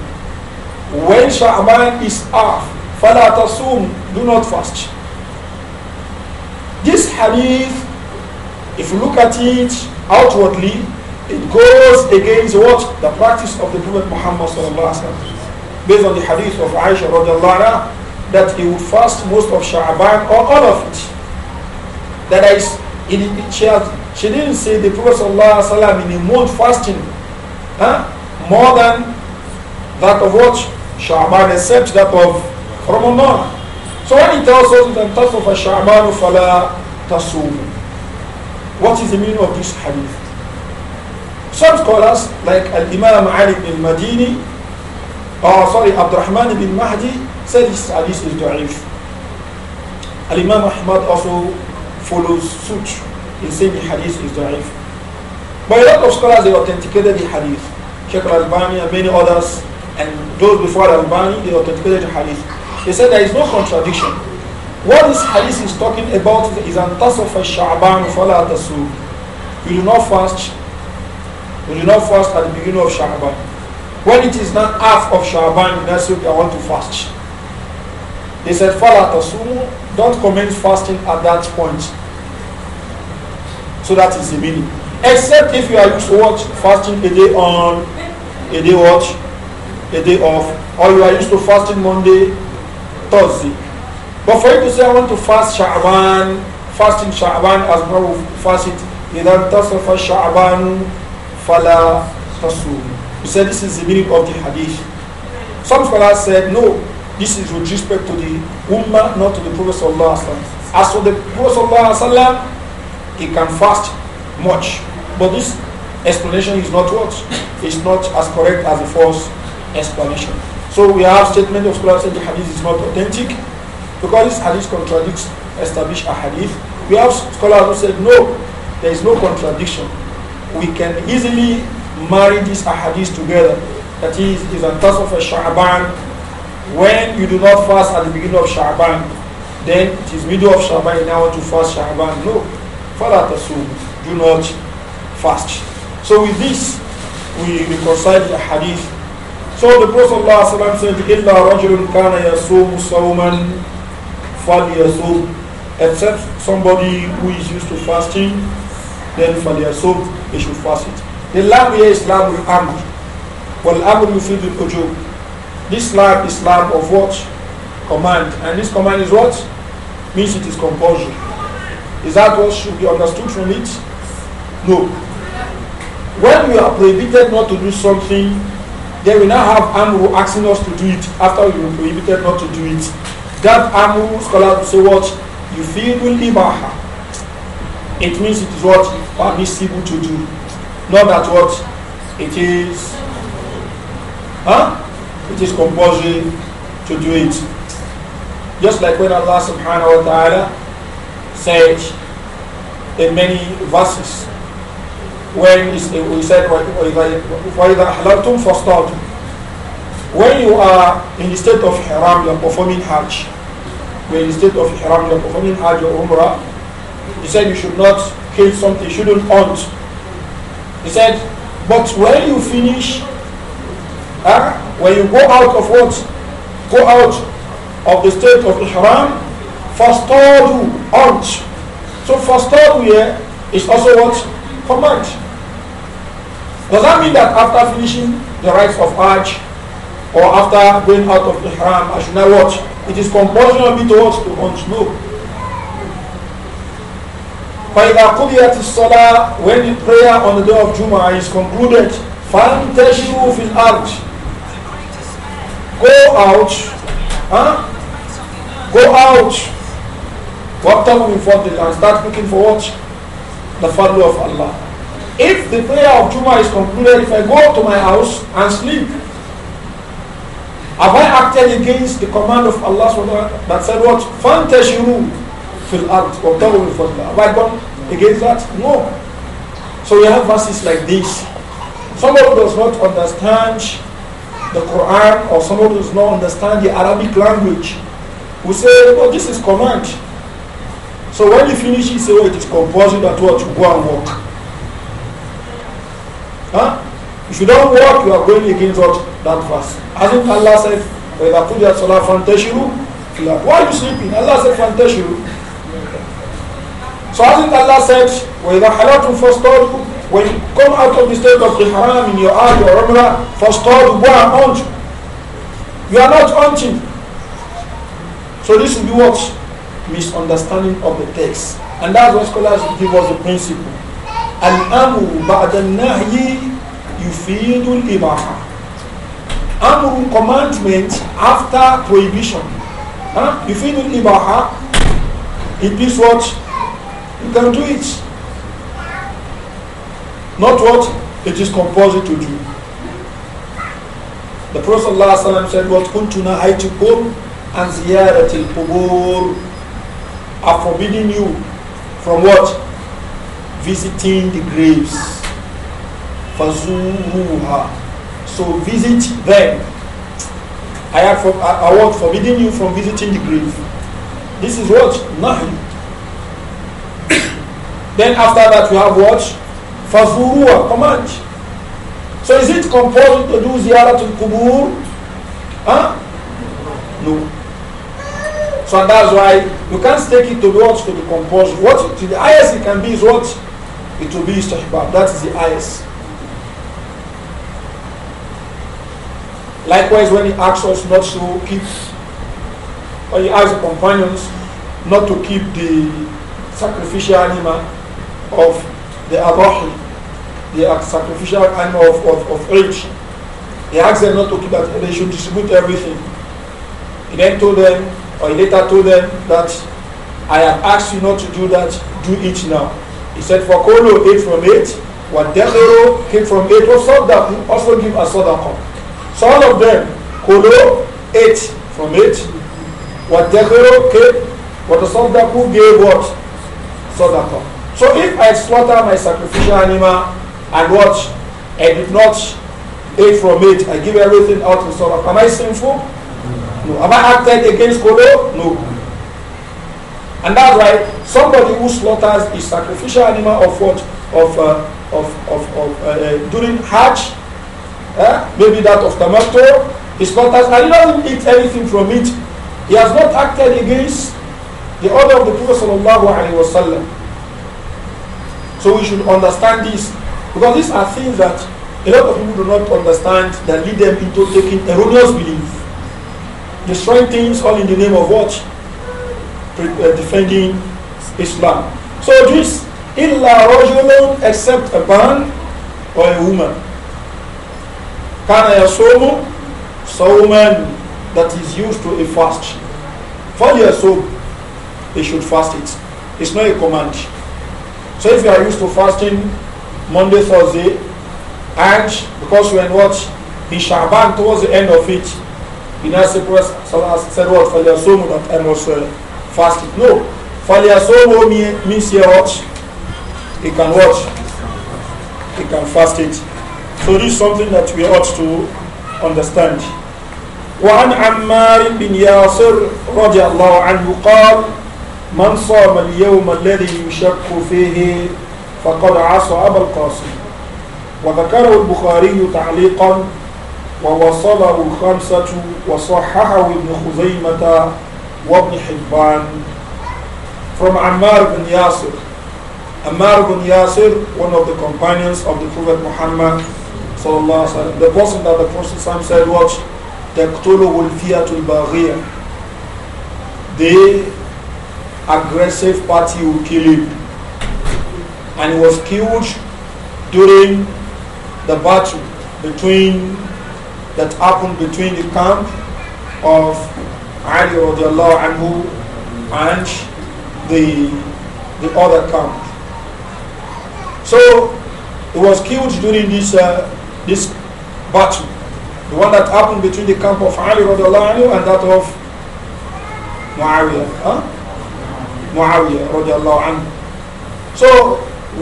When Sha'ban is off, fala تَصُومُ Do not fast. This hadith, if you look at it outwardly, it goes against what? The practice of the Prophet Muhammad based on the hadith of Aisha anha, that he would fast most of Sha'ban or all of it. That is in the she, has, she didn't say the Prophet ﷺ in a month fasting huh? more than that of what? Sha'ban except that of Ramadan. So when he tells us that tasufa sha'banu fala tasumu, what is the meaning of this hadith? Some scholars like Al-Imam Ali bin Madini, or sorry, Abdurrahman bin Mahdi said this hadith is da'if. Al-Imam Ahmad also follows suit in saying the hadith is da'if. But a lot of scholars, they authenticated the hadith. Sheikh al-Albani and many others, and those before al-Albani, they authenticated the hadith. They said there is no contradiction. What this hadith is talking about is antasaf al-sha'ban fala tasu. You do not fast. You do not fast at the beginning of Sha'ban. When it is not half of Sha'ban, that's what I want to fast. They said, fala tasumu, don't commence fasting at that point. So that is the meaning. Except if you are used to watch Fasting a day on, a day watch, A day off. Or you are used to fasting Monday, Thursday. But for you to say, I want to fast Sha'ban, fasting Sha'ban as well fast it. إذا انتصف شعبان You said this is the meaning of the hadith. Some scholars said, no, this is with respect to the Ummah, not to the Prophet Sallallahu Alaihi Wasallam. As for the Prophet Sallallahu Alaihi Wasallam, he can fast much. But this explanation is not what? It's not as correct as the first explanation. So we have statement of scholars that the hadith is not authentic because this hadith contradicts established a hadith. We have scholars who said no, there is no contradiction. We can easily marry these hadith together. That is, is a task of a Sha'ban. When you do not fast at the beginning of Sha'ban, then it is middle of Sha'ban and now to fast Sha'ban. No, فَلَا تَصُومُ Do not fast. So with this, we reconcile the hadith. So the Prophet ﷺ said, إِلَّا رَجُلٌ كَانَ يَصُومُ صَوْمًا فَلْيَصُومُ Except somebody who is used to fasting, then فَلْيَصُومُ He should fast it. The lam here is lam al-amr. feel the الْأُجُوبِ This lam is lab of what? Command. And this command is what? Means it is compulsion." Is that what should be understood from it? No. When we are prohibited not to do something, then we now have Amru asking us to do it after we were prohibited not to do it. That Amru scholar will say what? You feel libaha. It means it is what permissible to do. Not that what it is huh? it is compulsory to do it. Just like when Allah subhanahu wa ta'ala said in many verses. When he said, When you are in the state of haram, you are performing Hajj. When in the state of haram, you are performing Hajj or Umrah. He said, You should not kill something, you shouldn't hunt. He said, But when you finish, huh, ah, when you go out of what? Go out of the state of ihram, Fastadu urge. So fastadu here is also what? Command. Does that mean that after finishing the rites of Hajj or after going out of the Haram, I should not watch? It is compulsion me to watch to hunt. No. فَإِذَا قُضِيَتِ Salah When the prayer on the day of Juma is concluded, فَانْتَشِرُوا فِي الْأَرْضِ Go out, huh? go out وَابْتَغُوا مِنْ And start looking for what? The fadlu of Allah. If the prayer of Juma is concluded, if I go to my house and sleep, have I acted against the command of Allah that said what? فَانْتَشِرُوا فِي الْأَرْضِ وَابْتَغُوا مِنْ Have I gone against that? No. So you have verses like this. Somebody does not understand the Quran or somebody does not understand the Arabic language. We say, oh, this is command. So when you finish, you say, oh, it is compulsory that what you go and work. Huh? If you don't work, you are going against what? That verse. As it Allah said, وَإِذَا قُلْيَا صَلَىٰ فَانْتَشِرُوا Why are you sleeping? Allah said, فَانْتَشِرُوا So as it Allah said, وَإِذَا halatun فَاسْتَوْرُوا When you come out of the state of the haram in your eye, your umrah, فَاسْتَوْرُوا Go and hunt. You are not hunting. So this will be what? misunderstanding of the text. And that's what scholars give us the principle. Al-amru ba'da nahyi yufidu al-ibaha. Amru commandment after prohibition. Huh? Yufidu al-ibaha. It means what? You can do it. Not what it is compulsory to do. The Prophet ﷺ said, What kuntuna haytukum and ziyaratil qubur are forbidding you from what? Visiting the graves. Fazuruha. So visit them. I have for, I, I want forbidding you from visiting the grave. This is what? nothing. then after that you have what? Fazuruha, command. So is it compulsory to do to kubur? Huh? No. So and that's why you can't take it to be what to be compulsory. What to the highest it can be is what it will be istihbab. That is the highest. Likewise, when he asks us not to keep, or he asks the companions not to keep the sacrificial animal of the Abahi, the sacrificial animal of, of, of age. He asks them not to keep that, they should distribute everything. He then told them or he later told them that I have asked you not to do that, do it now. He said, For Kolo ate from it, what Demero came from it, was Sadaku also give a Sadaqah. So all of them, Kolo ate from it, what Demero came, what the who gave what? Sadaqah. So if I slaughter my sacrificial animal and what I did not eat from it, I give everything out to Sadaqah, am I sinful? No. Have I acted against Kolo? No. And that's why somebody who slaughters a sacrificial animal of what? Of, uh, of, of, of uh, uh during Hajj, eh? maybe that of Tamato, he slaughters and he doesn't eat anything from it. He has not acted against the order of the Prophet So we should understand this because these are things that a lot of people do not understand that lead them into taking erroneous beliefs destroying things all in the name of what? Uh, defending Islam. So this, illa rajulun, except a man or a woman. Kana yasumu, man, that is used to a fast. For soul, they should fast it. It's not a command. So if you are used to fasting Monday, Thursday, and because you are in what? In Shaban towards the end of it, You now say Prophet said what? Faliasomu that I must uh, fast it. No. Faliasomu mean, means here what? He can watch. He can fast it. So this is something that we ought to understand. وعن عمار بن ياسر رضي الله عنه قال من صام اليوم الذي يشك فيه فقد عصى أبا القاسم وذكره البخاري تعليقا ووصله الخمسة وصححه ابن خزيمة وابن حبان from Ammar bin Yasir Ammar bin Yasir one of the companions of the Prophet Muhammad sallallahu alaihi wasallam the person that the Prophet said watch the تقتله الفئة الباغية the aggressive party will kill him and he was killed during the battle between that happened between the camp of Ali radiallahu anhu and the, the other camp. So he was killed during this, uh, this battle. The one that happened between the camp of Ali radiallahu anhu and that of Muawiyah. Huh? Muawiyah anhu. So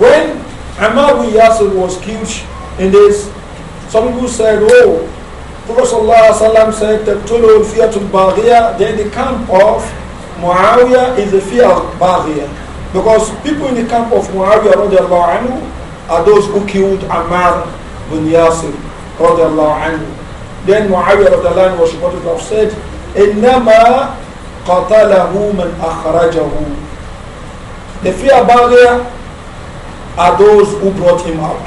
when Ammar bin Yasir was killed in this, some people said, oh, Prophet ﷺ said, Tabtulu fiatul baghiya, then the camp of Muawiyah is the fear baghiya. Because people in the camp of Muawiyah anhu, are those who killed Ammar bin Yasir. Anhu. Then Muawiyah anhu was reported to have said, إنما قتله من أخرجه. The fear baghiya are those who brought him out.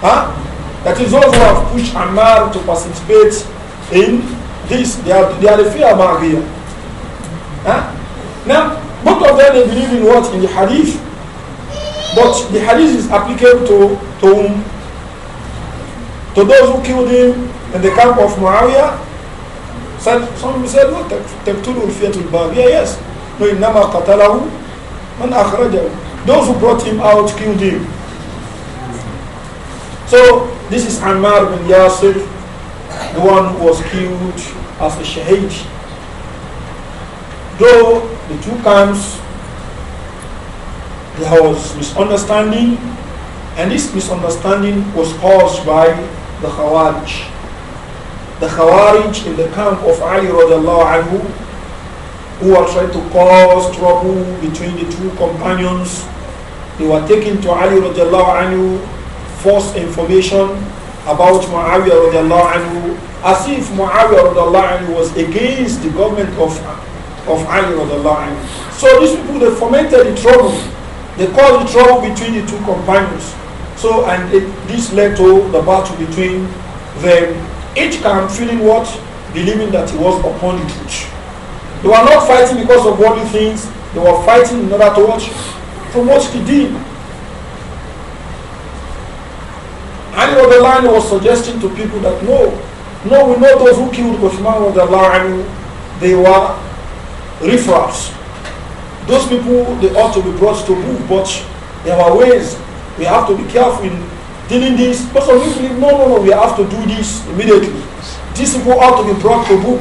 Huh? That is those who have pushed Ammar to participate in this. They are, they are the fear about here. Huh? Now, both of them they believe in what? In the hadith. But the hadith is applicable to, to whom? To those who killed him in the camp of Muawiyah. Said, some said, what? fear fiyatul Babiya. Yes. No, innama qatalahu man akhrajahu. Those who brought him out killed him. So this is Ammar bin Yasir, the one who was killed as a shaheed. Though the two camps, there was misunderstanding, and this misunderstanding was caused by the Khawarij. The Khawarij in the camp of Ali radiallahu anhu, who were trying to cause trouble between the two companions, they were taken to Ali radiallahu anhu false information about Muawiyah Law anhu as if Muawiyah radiallahu anhu was against the government of, of Ali radiallahu anhu. So these people, they fomented the trouble. They caused the trouble between the two companions. So, and it, this led to the battle between them. Each camp feeling what? Believing that he was upon the truth. They were not fighting because of worldly things. They were fighting in order to watch, promote the deen. Ali line was suggesting to people that no, no, we know those who killed Uthman Radalani, they were riffraffs. Those people, they ought to be brought to book, but there are ways. We have to be careful in dealing this. But some people believe, no, no, no, we have to do this immediately. These people ought to be brought to book.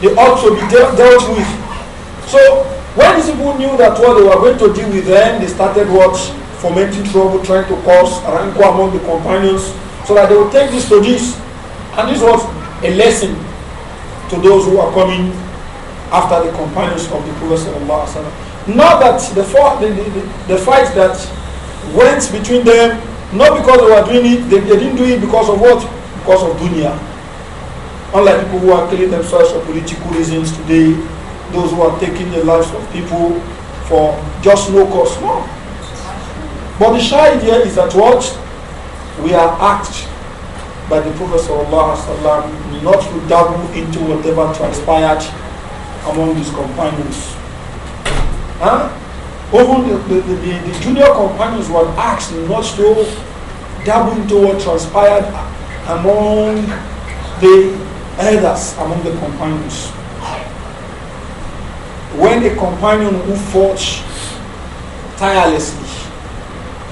They ought to be de dealt with. So when these people knew that what they were going to deal with them, they started what? fomenting trouble, trying to cause rancor among the companions, so that they will take this to this. And this was a lesson to those who are coming after the companions of the Prophet. Not that the, the, the, the fight that went between them, not because they were doing it, they, they didn't do it because of what? Because of dunya. Unlike people who are killing themselves for political reasons today, those who are taking the lives of people for just no cause. No. But the shy idea is that what we are asked by the Prophet وسلم, not to dabble into whatever transpired among his companions. Huh? Even the, the, the, the junior companions were asked not to dabble into what transpired among the elders, among the companions. When a companion who fought tirelessly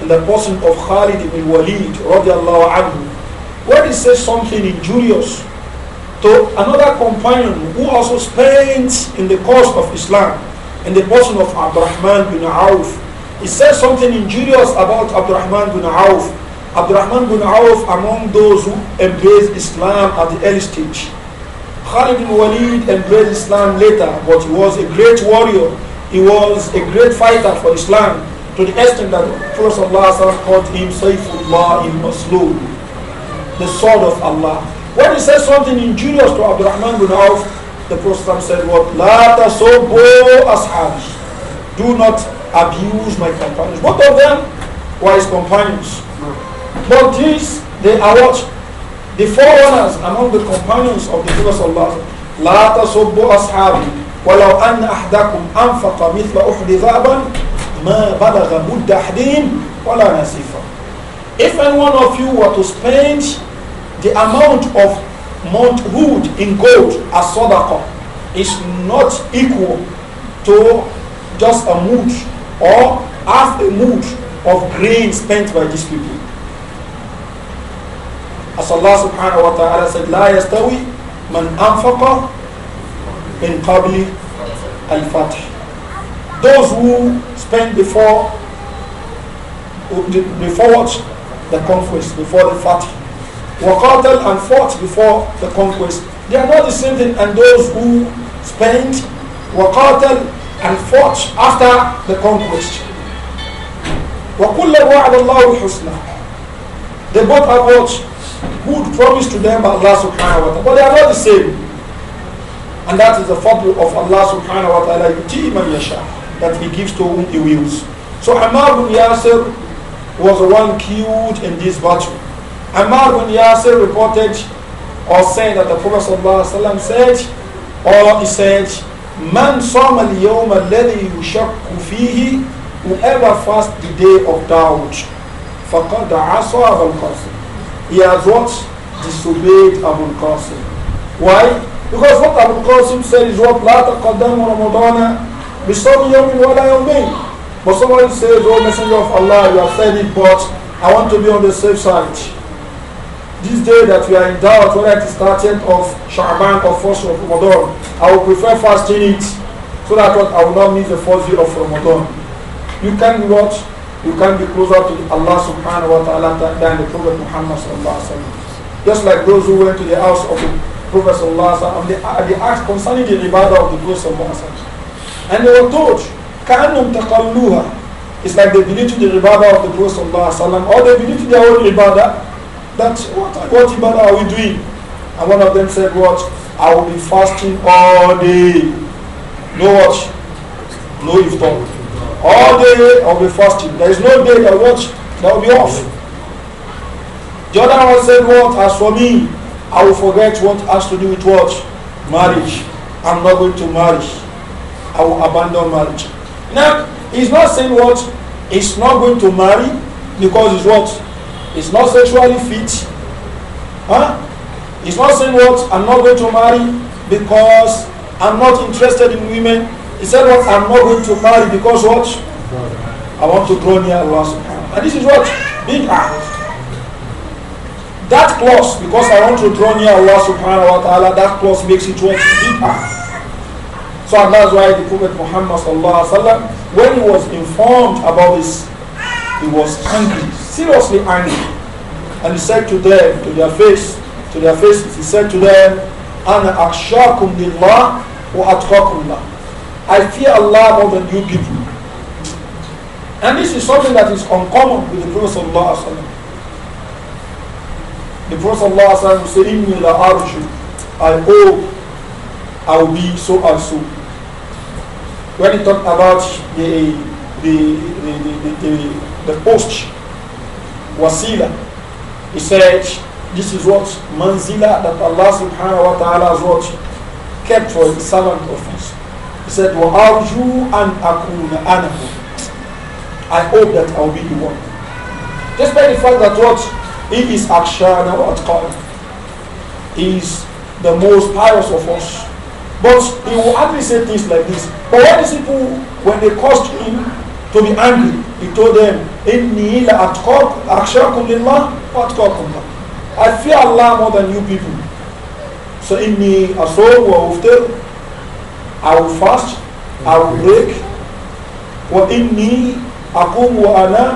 in the person of Khalid ibn Walid radiallahu anhu, when he says something injurious to another companion who also spent in the cause of Islam, in the person of Abdurrahman bin Auf, he says something injurious about Abdurrahman bin Auf. Abdurrahman bin Auf among those who embraced Islam at the early stage. Khalid bin Walid embraced Islam later, but he was a great warrior. He was a great fighter for Islam. To the extent that Prophet ﷺ called him Saifullah in Maslul, the sword of Allah. When he said something injurious to Abdurrahman bin Auf, the Prophet said, What? La tasobo ashabi. Do not abuse my companions. Both of them were his companions. But these, they are what? The forerunners among the companions of the Prophet. La tasobo ashabi. ولو أن أحدكم أنفق مثل أحد ذهبا ما بلغ مد حدين ولا نصيفا if any one of you were to spend the amount of Mount Hood in gold as sadaqah is not equal to just a mood or half a mood of grain spent by these people. As Allah subhanahu wa ta'ala said, لا يستوي من أنفق من قبل الفتح those who spent before before what? The conquest, before the were counted and fought before the conquest. They are not the same thing and those who spent, were counted and fought after the conquest. They both have what? Good promise to them by Allah subhanahu wa ta'ala. But they are not the same. And that is the fault of Allah subhanahu wa ta'ala that he gives to whom he wills. So Ammar bin Yasir was the one killed in this battle. Ammar bin Yasir reported or said that the Prophet ﷺ said, or he said, Man sama al-yawma alladhi whoever fasts the day of doubt, faqad asa Abul Qasim. He has what? Disobeyed Abul Qasim. Why? Because what Abul Qasim said is what? la تقدموا رمضان بصوم يوم ولا يومين but somebody says, Oh, Messenger of Allah, you have said it, but I want to be on the safe side. This day that we are in doubt, whether it is 30th of Sha'ban or 1st of Ramadan, I would prefer fasting it so that I will not miss the first of Ramadan. You can be what? You can be closer to Allah subhanahu wa ta'ala than the Prophet Muhammad sallallahu alayhi wa Just like those who went to the house of the Prophet sallallahu alayhi wa sallam, they, they asked concerning the ibadah of the Prophet sallallahu alayhi wa and they were told, كَأَنُّمْ تَقَلُّوهَا It's like they believe in the ibadah of the Prophet ﷺ, or they believe in their own ibadah. That what, what ibadah are we doing? And one of them said, what? I will be fasting all day. No watch. No iftar. All day I will be fasting. There is no day that watch that will be off. The other one said, what? As for me, I will forget what has to do with what? Marriage. I'm not going to marry. I will abandon marriage. Now, he's not saying what he's not going to marry because he's what? He's not sexually fit. Huh? He's not saying what? I'm not going to marry because I'm not interested in women. He said what? I'm not going to marry because what? I want to draw near Allah And this is what? Big that clause, because I want to draw near Allah subhanahu wa ta'ala, that clause makes it what? deeper. So that's why the Prophet Muhammad when he was informed about this, he was angry, seriously angry, and he said to them, to their face, to their faces, he said to them, "Ana akshakum lillah wa atqakum I fear Allah more than you people. And this is something that is uncommon with the Prophet sallallahu The Prophet sallallahu alaihi wasallam said, "Inni la arju, I hope I will be so and so." when he talked about the the the the, the, the post wasila, he said this is what manzila that Allah subhanahu wa ta'ala has what kept for his servant of his. He said, Wa arju an akuna anahu. I hope that I'll be the one. Just by the fact that what he is akshana what atqana. He is the most pious of us. But he will hardly say things like this. But when these people, when they caused him to be angry, he told them, I fear Allah more than you people. So in me, I will fast, I will break. وَإِنِّي أَقُومُ وَأَنَامُ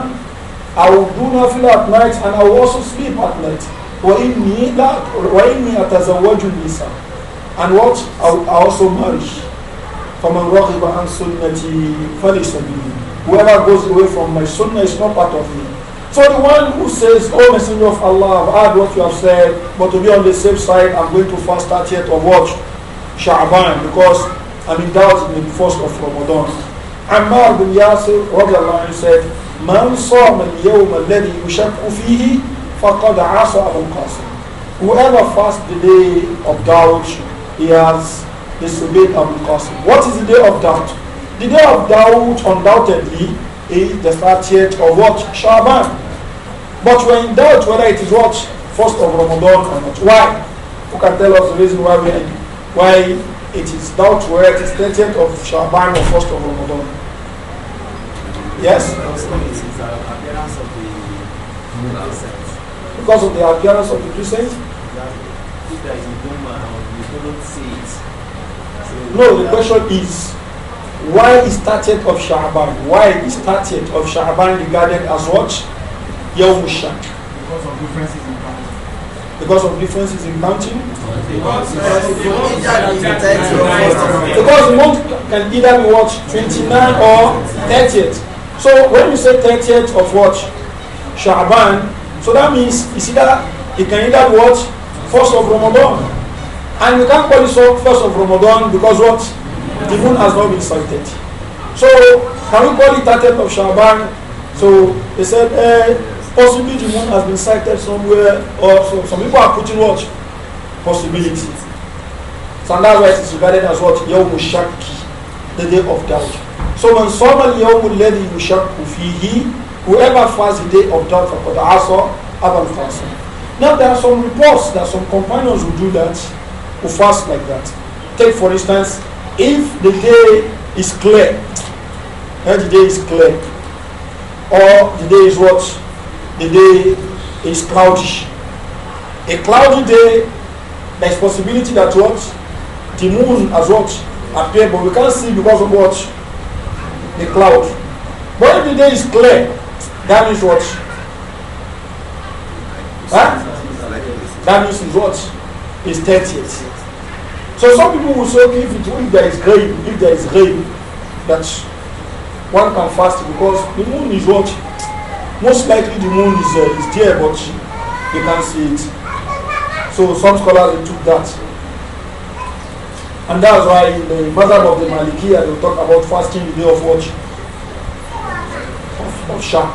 I will do nothing at night and I will also sleep at night. وَإِنِّي, لا, وإني أَتَزَوَّجُ النِّسَاءَ and what I also marriage. فَمَنْ رَغِبَ عَنْ سُنَّتِي فَلِيسَ Whoever goes away from my sunnah is not part of me. So the one who says, Oh Messenger of Allah, I've heard what you have said, but to be on the safe side, I'm going to fast yet or watch Sha'ban, because I'm in doubt in the first of Ramadan. Ammar bin Yasir radiallahu anhu said, man صام اليوم الذي يشك فيه فقد عصى أبو القاسم. Whoever fasts the day of doubt he has disobeyed Abu Qasim. What is the day of doubt? The day of doubt undoubtedly is the 30th of what? Shaban. But we're in doubt whether it is what? First of Ramadan or not. Why? Who can tell us the reason why we why it is doubt whether it is 30th of Shaban or first of Ramadan? Yes? Because of the appearance of the crescent? see it. No, the question is why is 30th of Sha'ban? Why is 30th of Sha'ban regarded as what? Yawm Shak. Because of differences in counting. Because of differences in counting? Because, the uh, month can either be what? 29 or 30th. So when you say 30th of what? Sha'ban, so that means it's either, it can either be what? First of Ramadan and you can't call it first of Ramadan because what? The moon has not been sighted. So can we call it 30th of Shaban? So they said, eh, possibly the moon has been sighted somewhere, or so some people are putting what? Possibility. So that's why it is regarded as what? Yawm Shaki, the day of doubt. So when someone Yawm Ledi Yushakku Fihi, whoever fasts the day of doubt for the Asa, Abal Fasa. Now there are some reports that some companions will do that fast like that. Take for instance, if the day is clear, and eh, the day is clear, or the day is what? The day is cloudy. A cloudy day, there's possibility that what? The moon has what? Appeared, but we can't see because of what? The cloud. But if the day is clear, that means what? Huh? That means It's 30th. So some people will say, okay, if, it, if there is rain, if there is rain, that one can fast because the moon is what? Most likely the moon is, uh, is there, but they can't see it. So some scholars took that. And that's why in the mother of the Malikiya, they talk about fasting the day of what? Of, of Shaq.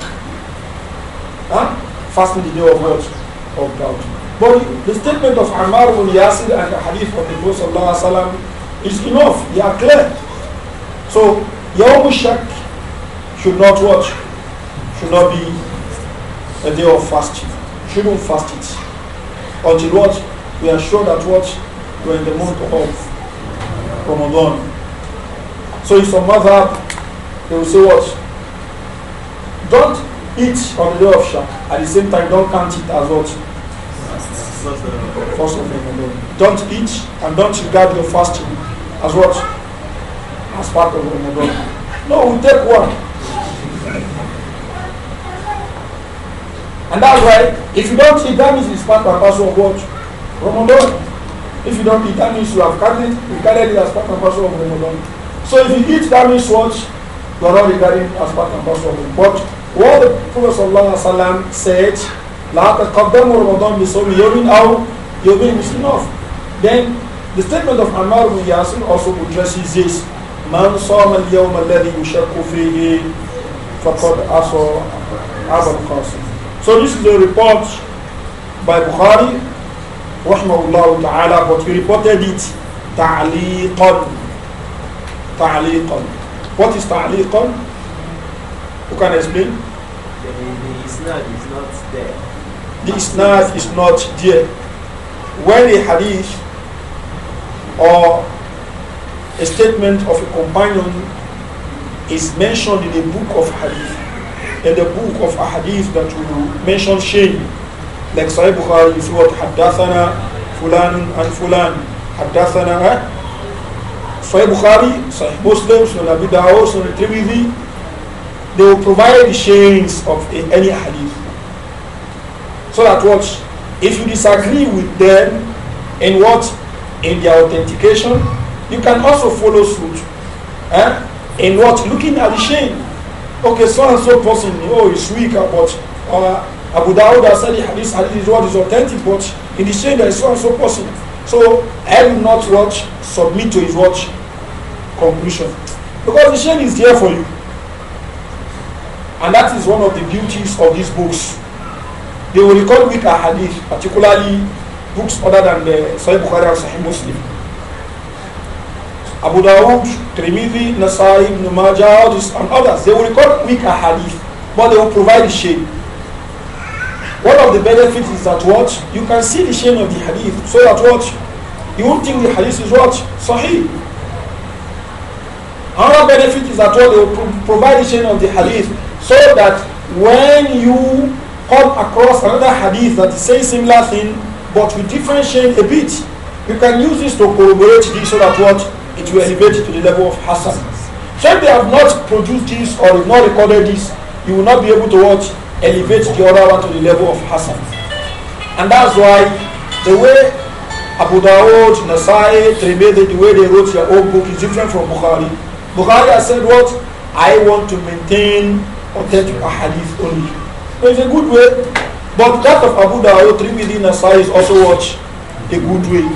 Huh? Fasting the day of what? Of doubt. But the statement of Ammar ibn Yasir and the hadith of the Prophet is enough. They are clear. So, Yawm Shak should not watch, should not be a day of fasting. Shouldn't fast it. Until what? We are sure that what? We are in the month of Ramadan. So if some mother, they will say what? Don't eat on the day of Shak. At the same time, don't count it as what? First of Ramadan. Don't eat and don't regard your fasting as what? As part of Ramadan. No, we take one. And that's why if you don't eat, that means it's part and parcel of what? Ramadan. If you don't eat, that means you have carried, regarded it as part and parcel of Ramadan. So if you eat, that means what? You are not regarding as part and parcel of Ramadan. But what the Prophet said لا تقدموا رمضان بصوم يوم أو يومين is enough. Then the statement of Ammar bin Yasin also addresses this. من صام اليوم الذي يشك فيه فقد عصى أبا القاسم. So this is a report by Bukhari رحمه الله تعالى but he reported it تعليقا تعليقا What is تعليقا? Who can explain? The, the, the isnad is not there. When a hadith or a statement of a companion is mentioned in the book of hadith, in the book of hadith that will mention shame, like Sahih Bukhari, you see what Haddathana, Fulan and Fulan, Haddathana, eh? Sahih Bukhari, Sahih Muslim, Sunan Abu Dawud, Sunan Tirmidhi, they will provide the chains of any hadith. So that what? If you disagree with them in what? In their authentication, you can also follow suit. Eh? In what? Looking at the shame. Okay, so and so person, oh, it's weak, ah, but uh, Abu Dawud has said this hadith is what is authentic, but in the shame there is so and so person. So I will not watch, submit to his watch conclusion. Because the shame is there for you. And that is one of the beauties of these books. They will record with a hadith, particularly books other than the uh, Sahih Bukhari and Sahih Muslim. Abu Dawud, Tirmidhi, Nasai, Ibn and others, they will record a hadith, but they will provide the chain. One of the benefits is that what? You can see the shame of the hadith, so that what? You won't think the hadith is what? Sahih. Another benefit is that what? They will provide the shame of the hadith, so that when you come across another hadith that says similar thing, but we differentiate a bit. You can use this to corroborate this so that what it will elevate it to the level of Hassan. So if they have not produced this or if not recorded this, you will not be able to watch elevate the other one to the level of Hassan. And that's why the way Abu Dawud, Nasai, Tirmidhi, the way they wrote their own book is different from Bukhari. Bukhari has said what? I want to maintain authentic hadith only. It's a good way. But that of Abu Dawud, three million Nasai is also watch A good way.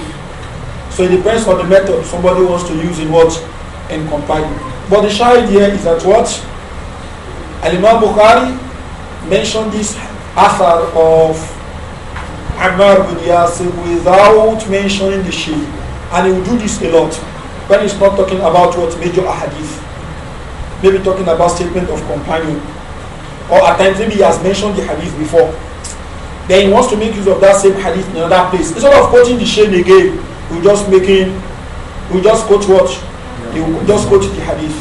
So it depends on the method somebody wants to use in what? and compiling. But the shy idea is that what? Al-Imam Bukhari mentioned this author of Ammar bin Yasir without mentioning the Shia. And he will do this a lot when he's not talking about what major ahadith. Maybe talking about statement of companion or at times maybe he has mentioned the hadith before. Then he wants to make use of that same hadith in another place. Instead of quoting the shame again, we just making we just quote what? You just quote the hadith.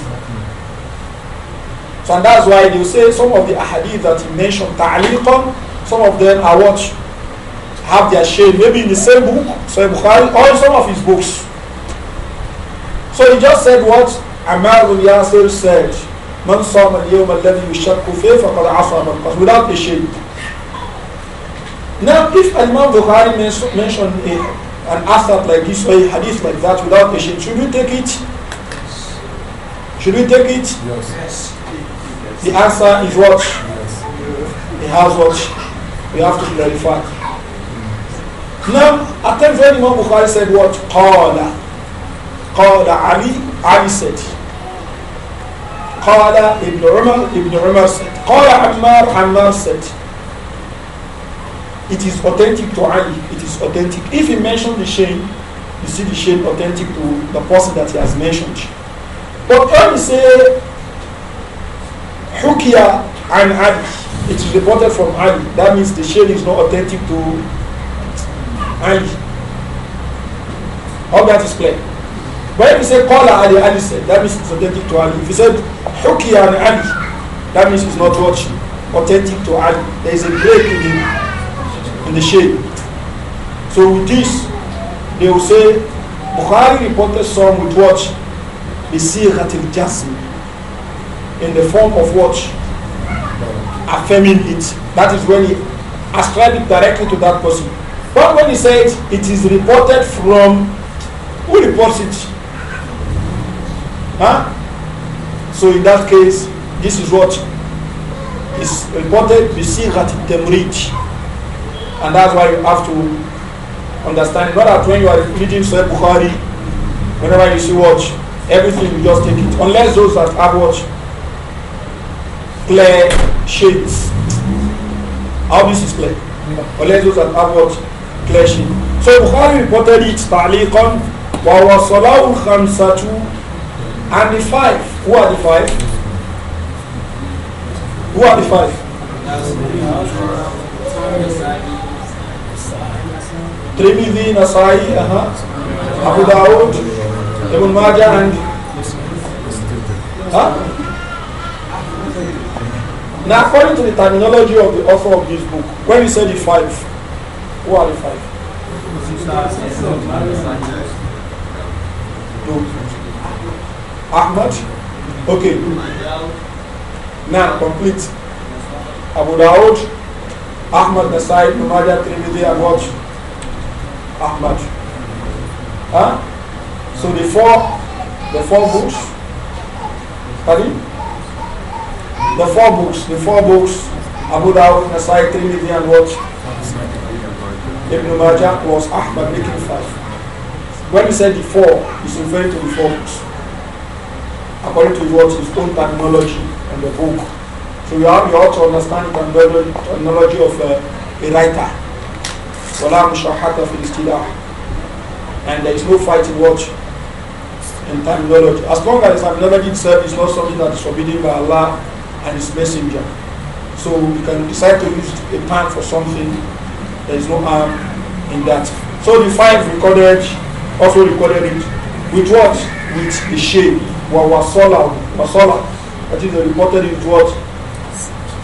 So and that's why you say some of the hadith that he mentioned, ta'liqan, some of them are what? Have their shame, maybe in the same book, Sahih Bukhari, or in some of his books. So he just said what Amarul Yasir said. من صام اليوم الذي يشك فيه فقد عصى من قصد without a Now if Imam Bukhari mentioned a, an asad like this or a hadith like that without a shame, should we take it? Should we take it? Yes. The answer is what? Yes. He has what? We have to clarify. Now, at times when Imam Bukhari said what? Qala. Qala Ali. Ali said. قال ابن عمر ابن عمر said قال عمار عمار said it is authentic to Ali it is authentic if he mentioned the shame you see the shame authentic to the person that he has mentioned but when he say حكي عن Ali, it is reported from Ali. That means the shade is not authentic to Ali. How that is clear. But if you say call Ali, Ali said, that means it's authentic to Ali. If you said Huki and Ali, that means it's not what authentic to Ali. There is a break in the, in the shade. So with this, they will say Bukhari reported some with what? The Sikhatil Jasm. In the form of what? Affirming it. That is when he ascribed it directly to that person. But when he said it is reported from, who reports it? Huh? So in that case, this is what is important. see that bisirat temrit. And that's why you have to understand. Not that when you are reading Sahih Bukhari, whenever you see what, everything you just take it. Unless those that have what, clear shades. How this is clear? Unless those that have what, clear shades. So Bukhari reported it ta'liqan wa wasalahu khamsatu and the five, who are the five? Who are the five? Trimidi, Nasai, uh-huh. Abu Dawud, Ibn Majah, and. Huh? Now, according to the terminology of the author of this book, when we said the five, who are the five? Ahmad. Okay. Now complete. Abu Dawud, Ahmad Nasai, Numaja, Trimidi, and what? Ahmad. Huh? So the four the four books. Pardon? The four books, the four books, Abu Dawud, Nasai, Trimidi, and what? Ibn Majah was Ahmad making five. When he said the four, he's referring to the four books according to what his own terminology in the book. So you have, you have to understand the terminology of uh, a writer. And there is no fighting watch in terminology. As long as terminology itself is not something that is forbidden by Allah and His Messenger. So you can decide to use a pen for something. There is no harm in that. So the five recorded, also recorded it with what? With the shade. وَوَصَلَهُ وَصَلَهُ That is reported into what?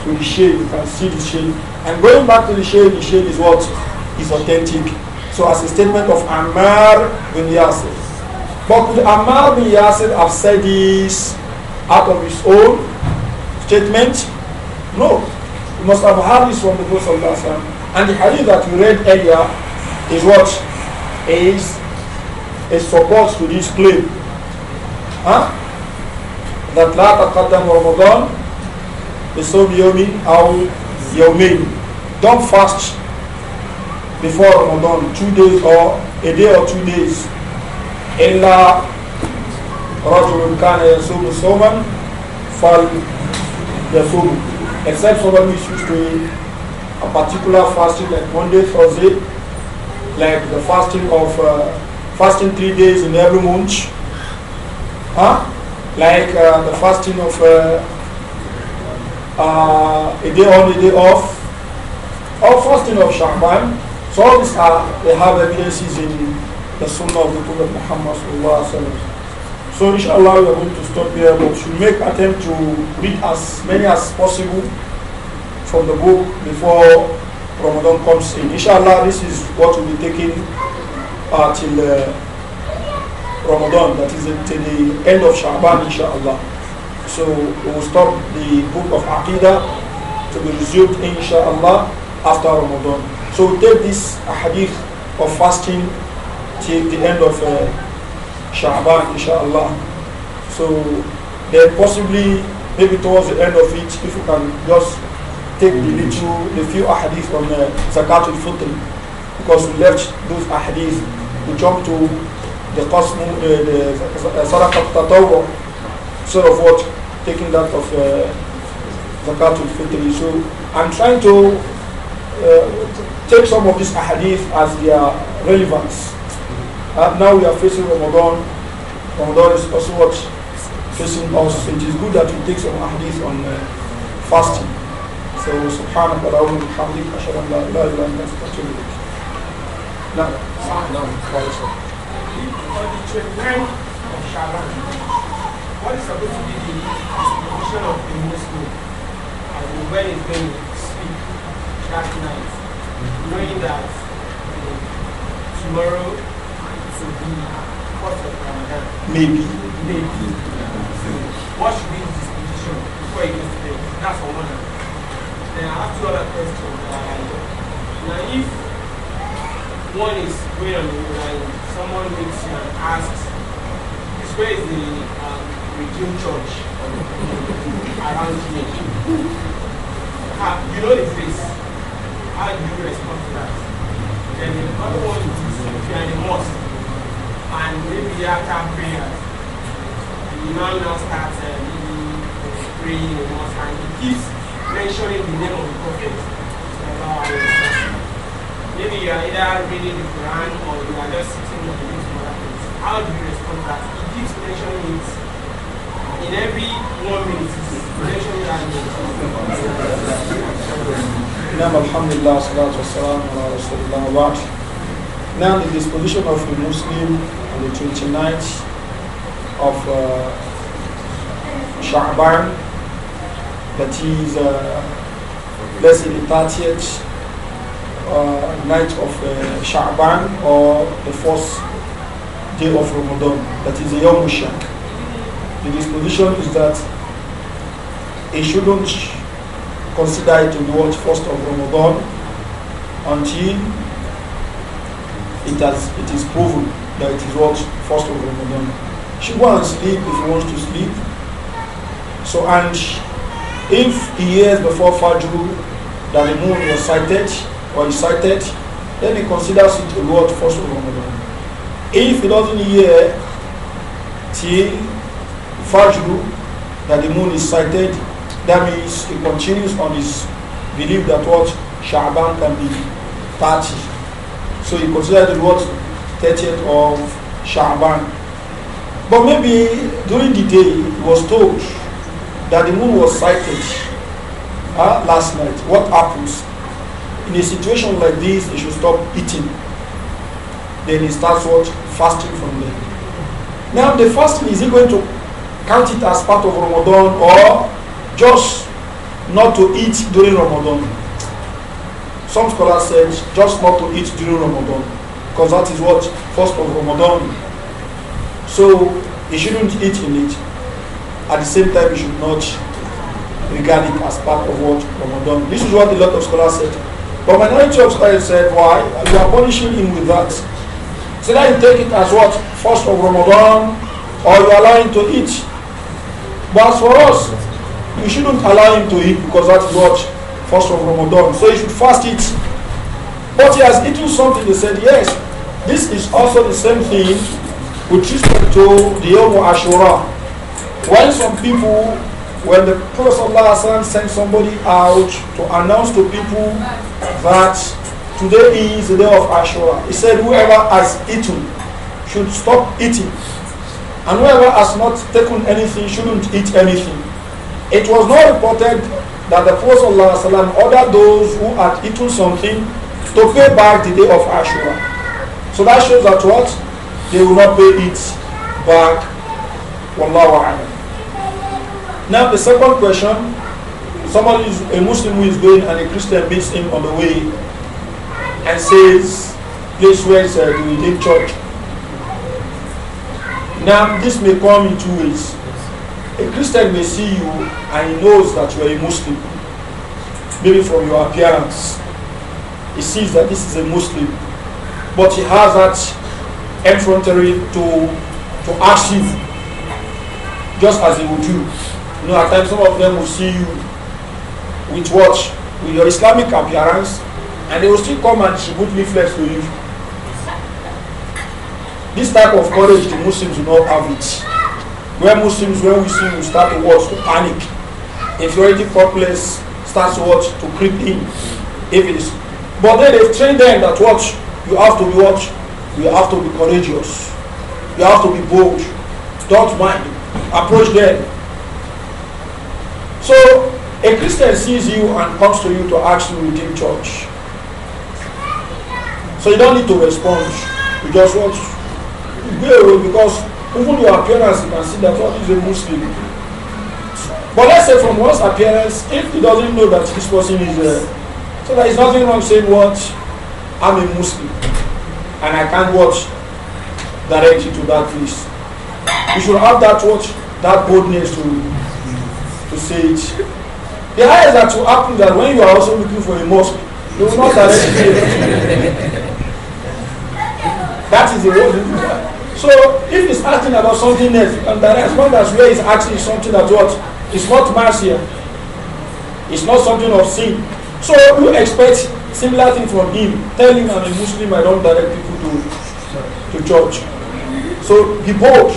To the shade, you can see the shade. And going back to the shade, the shade is what? Is authentic. So as a statement of Amar bin Yasir. But could Amar bin Yasir have said this out of his own statement? No. He must have heard this from the Prophet And the hadith that we read earlier is what? Is a support to this claim. That لا تقدم رمضان بصوم يوم أو يومين. Don't fast before Ramadan two days or a day or two days. إلا رجل كان يصوم صوما فليصوم. Except somebody is used to a particular fasting like Monday, Thursday, like the fasting of uh, fasting three days in every month Huh? Like uh, the fasting of uh, uh, a day on, a day off, or fasting of Sha'ban. So all these are, they have evidences in the Sunnah of the Prophet Muhammad So inshallah we are going to stop here, but we make attempt to read as many as possible from the book before Ramadan comes in. Inshallah this is what will be taken uh, till uh, Ramadan, that is until the end of Sha'ban, inshallah. So we will stop the book of Aqidah to be resumed, inshallah, after Ramadan. So we take this hadith of fasting till the end of uh, Sha'ban, inshallah. So then possibly, maybe towards the end of it, if you can just take the little, the few ahadith from uh, al Fitr, because we left those ahadith, we jump to the cost, the, the of what? Taking that of uh, zakatul fitri. So I'm trying to uh, take some of these ahadith as their relevance. And uh, now we are facing Ramadan. Ramadan is also what? Facing us. It is good that we take some ahadith on uh, fasting. So, Subhanallah, we have ashhadu an la ilaha illa anta astaghfiruka. Now, now, or the treatment of Shaban. What is supposed to be the position of the Muslim and when is going to sleep that night, knowing that uh, tomorrow will be first of Ramadan? Maybe. Maybe. what should be his position before he goes to bed? That's for one. Then I have two other questions. Uh, now if one is going on the line, someone reads you and asks, this where is the um, Redeemed Church around here? Ah, you know the face. How do you respond to that? Then the other one is if you are in the mosque and maybe after prayers, the man now starts uh, maybe praying in the mosque and he keeps mentioning the name of the prophet. Maybe you are either reading the Quran or you are just sitting and doing some other things. How do you respond to that? It keeps mentioning means in every one minute. Mentioning that. Now, alhamdulillah, salatu wassalam, Now, the disposition of the Muslim on the 29th of uh, Sha'ban, that is, uh, let's the 30th uh, night of uh, Sha'ban or the fourth day of Ramadan, that is the Yom Shak. The disposition is that it shouldn't consider it to be what first of Ramadan until it has it is proven that it is what first of Ramadan. She wants to sleep if he wants to sleep. So and if he hears before Fajr that the moon was sighted, or recited, then he considers it a reward for so Ramadan. If he doesn't hear till Fajr that the moon is sighted, that means he continues on his belief that what Sha'ban can be 30. So he considers the what 30th of Sha'ban. But maybe during the day he was told that the moon was sighted uh, last night. What happens? in a situation like this, he should stop eating. Then he starts what? Fasting from there. Now the fasting, is he going to count it as part of Ramadan or just not to eat during Ramadan? Some scholars said just not to eat during Ramadan because that is what first of Ramadan. So he shouldn't eat in it. At the same time, he should not regard it as part of what Ramadan. This is what a lot of scholars said. But when I church I said, why? You are punishing him with that. So now you take it as what? First of Ramadan, or you are allowing to eat. But as for us, you shouldn't allow him to eat because that is what? First of Ramadan. So you should fast it. But he has eaten something, He said, yes. This is also the same thing with respect to the Yom Ashura. When some people when the Prophet sent somebody out to announce to people that today is the day of Ashura, he said, Whoever has eaten should stop eating, and whoever has not taken anything shouldn't eat anything. It was not reported that the Prophet ordered those who had eaten something to pay back the day of Ashura. So that shows that what? They will not pay it back. Wallahu alam. Now the second question, somebody is a Muslim who is going and a Christian meets him on the way and says, place where is uh, the Redeemed Church. Now this may come in two ways. A Christian may see you and he knows that you are a Muslim. Maybe from your appearance, he sees that this is a Muslim. But he has that effrontery to, to ask you, just as he would do know, at times some of them will see you with watch With your Islamic appearance, and they will still come and distribute leaflets to you. This type of courage, the Muslims do not have it. Where Muslims, when we see you start to watch To panic. If you Inferiority populace, starts to watch To creep in. If it is. But then they've trained them that watch. You have to be watch. You have to be courageous. You have to be bold. Don't mind. Approach them so a Christian sees you and comes to you to ask you within church. So you don't need to respond. You just want to go away because even your appearance you can see that what oh, is a Muslim. But let's say from one's appearance, if he doesn't know that this person is a so there is nothing wrong saying what I'm a Muslim and I can't watch directly to that place. You should have that watch, that boldness to to say it. The highest that will happen that when you are also looking for a mosque, you will not direct you. that is the whole So if he's asking about something else, and the response that's where he's asking is something that what is not here. it's not something of sin. So you expect similar thing from him, telling I'm a Muslim, I don't direct people to, to church. So be bold.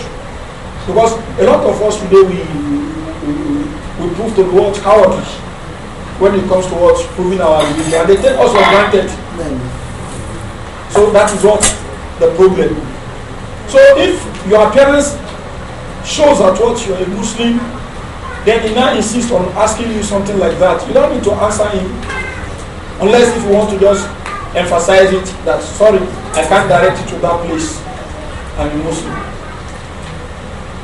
Because a lot of us today, we, prove to world's cowardice when it comes to proving our religion. And they take us for granted. So that is what the problem. So if your appearance shows that what you are a Muslim, then he now insists on asking you something like that. You don't need to answer him unless if you want to just emphasize it that sorry, I can't direct you to that place. I'm a Muslim.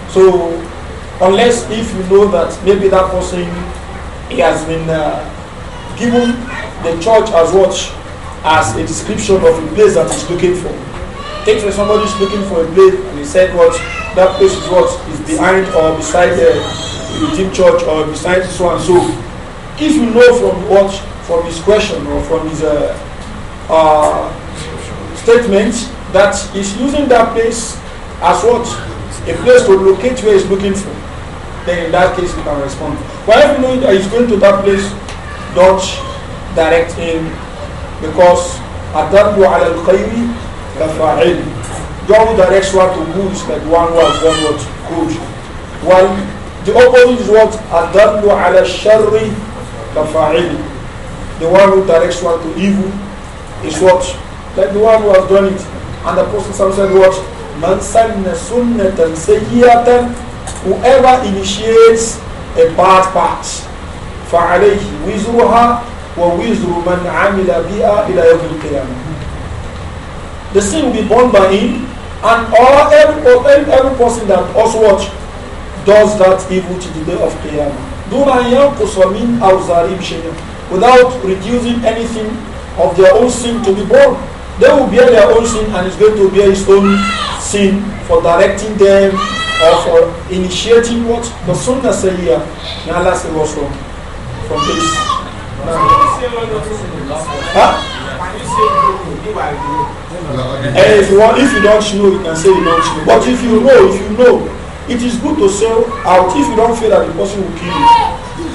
So Unless if you know that maybe that person he has been uh, given the church as what as a description of a place that he's looking for. Take for somebody is looking for a place and he said what that place is what is behind or beside the deep Church or beside so and so. If you know from what from his question or from his uh, uh, statement that he's using that place as what a place to locate where he's looking for then in that case you can respond. But if you know he's going to that place, do direct him because Adabu al khayri rafa'il. Don't directs what to good is like one who has done what good. While the opposite is what Adabu al sharri rafa'il. The one who directs what to evil is what? Like the one who has done it. And the Prophet said what? Man sanna sunnatan sayyatan whoever initiates a bad path, فعليه وزرها ووزر من عمل بها إلى يوم القيامة. The sin will be borne by him and all every, every, person that also watch does that evil to the day of Qiyamah. دون أن ينقص من أوزارهم شيئا without reducing anything of their own sin to be borne. They will bear their own sin and is going to bear his own sin for directing them or for initiating what the Sunnah say here. May Allah save us from, from this. Huh? And if you want, if you don't know, you can say you don't know. But if you know, if you know, it is good to sell out. If you don't fear that the person will kill you,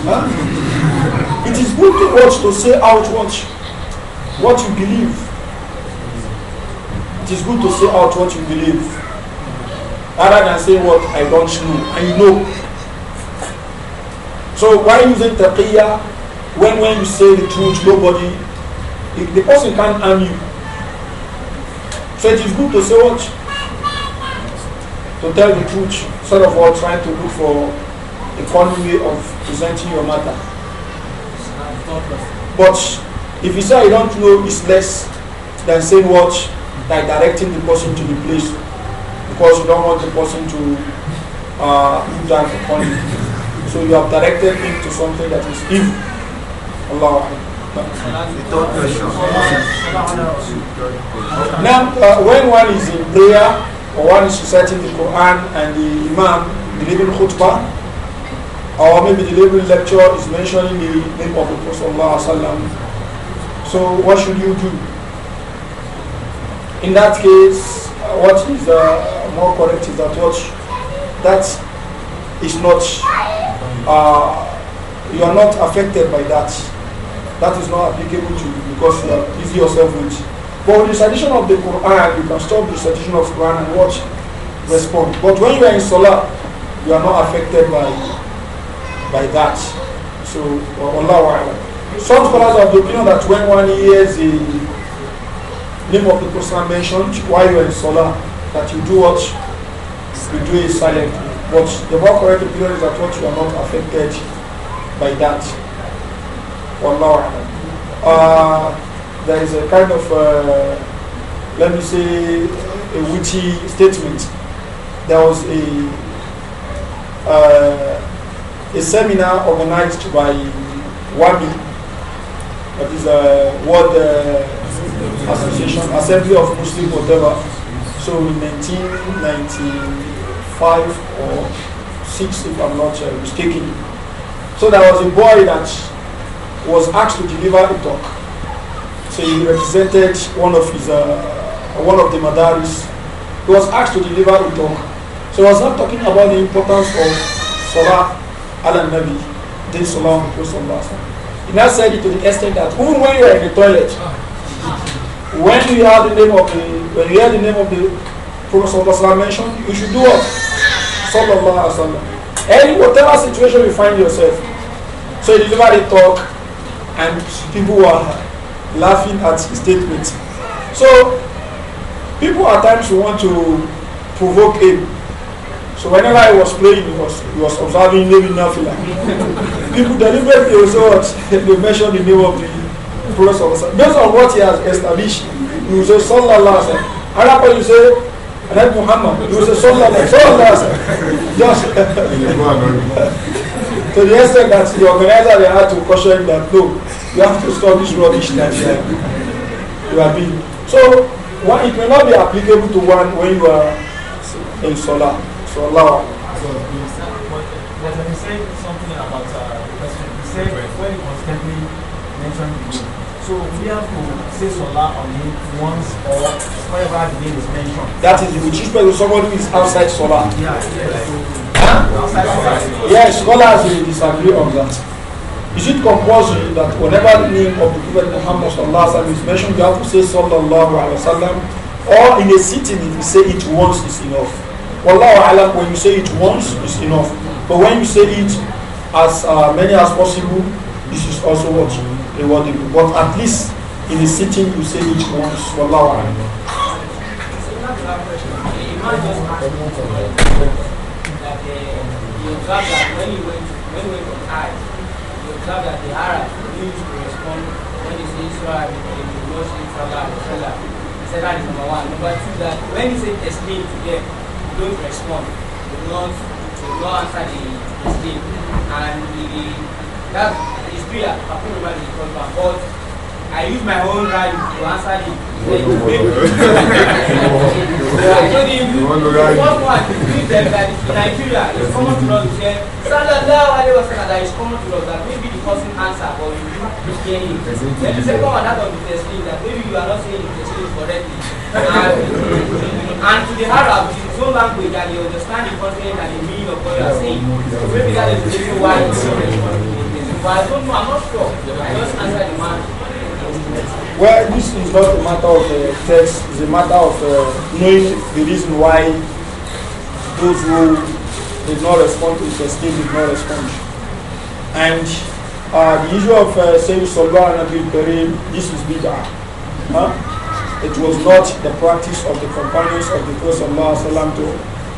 huh? it is good to watch to say out what what you believe. it is good to say out what you believe rather than say what I don't know and you know. So why using taqiyya when when you say the truth nobody the person can't harm you. So it is good to say what to tell the truth sort of all trying to look for a common way of presenting your matter. But if you say I don't know it's less than saying what like directing the person to the place because you don't want the person to uh, drive upon you. So you have directed him to something that is evil. Allah. The third question. Now, uh, when one is in prayer or one is reciting the Quran and the Imam delivering khutbah, or maybe the label lecture is mentioning the name of the Prophet. So what should you do? in that case, what is uh, more correct is that what that is not uh, you are not affected by that. That is not applicable to you because you are busy yourself with. But with recitation of the Quran, you can stop the recitation of Quran and watch, respond. But when you are in Salah, you are not affected by by that. So, Allah. Some scholars have the opinion that when one hears name of the Quran mentioned while you are in solar that you do what? You do is silent. But the more correct opinion is that what you are not affected by that. Wallahu uh, There is a kind of, uh, let me say, a witty statement. There was a uh, a seminar organized by WAMI, that is a word. Uh, Association, Assembly of Muslim, whatever. So in 1995 or 6, if I'm not uh, mistaken. So there was a boy that was asked to deliver a talk. So he represented one of his, uh, one of the madaris. He was asked to deliver a talk. So I was not talking about the importance of Salah al-Nabi, then Salah al-Nabi. He now said it to the extent that even when you are in the toilet, when you hear the name of the when you hear the name of the Prophet mentioned, you should do what? Sallallahu Alaihi Wasallam. Any whatever situation you find yourself. So you delivered a talk and people were laughing at his statement. So people at times want to provoke him. So whenever I was playing, he was, he was observing maybe nothing. people deliberately also they mentioned the name of the Prophet Based on what he has established, you say Sallallahu Alaihi Wasallam. Arab you say Red Muhammad, you say Sallallahu Alaihi Wasallam. Just. to the extent that the organizer they had to caution that no, you have to stop this rubbish that you are being. So one, it may not be applicable to one when you are in Salah. Salah. careful say salah on it once or whatever the name is mentioned. That is with respect to somebody who is outside salah. Yeah, yeah. Yes, scholars will disagree on that. Is it compulsory that whenever the name of the Prophet Muhammad sallallahu alaihi is mentioned, you have to say sallallahu alaihi wasallam, or in a sitting, if you say it once is enough. Wallahu alam, when you say it once is enough, but when you say it as uh, many as possible, this is also what do. But at least in the sitting, you say it once. is alam. that is number one. Number two, that when you say explain to them, don't respond. don't, don't answer the explain. And the, that prayer approve over the contract but I use my own right to answer the you the first one is doing them that in Nigeria it's common to love say sallallahu alayhi wa sallam that common to love that maybe the person answer but you do not the second one that of the testing that maybe you are not saying the testing correctly and to the Arab it is no language they understand the content and the meaning of what you are saying maybe that is the reason why it's so important. Well, this is not a matter of uh, text, it's a matter of uh, knowing the reason why those who did not respond to the state did not respond. And uh, the issue of uh, saying Salwa and Abil Karim, this is bigger. Huh? It was not the practice of the companions of the Prophet to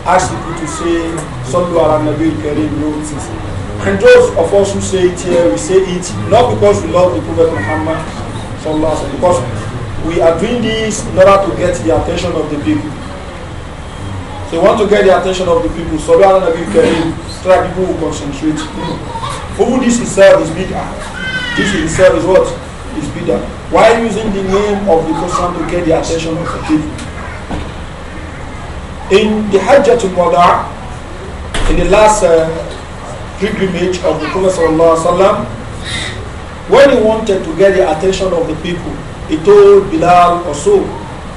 ask people to say Salwa and Abil Karim, no, and those of us who say it here, we say it not because we love the Prophet Muhammad, because we are doing this in order to get the attention of the people. So we want to get the attention of the people. So rather than give Karim, so people will concentrate. Even this itself is bigger. This itself is what? Is bigger. Why using the name of the person to get the attention of the people? In the Hajjatul Wada, in the last uh, pilgrimage of the Prophet when he wanted to get the attention of the people, he told Bilal also,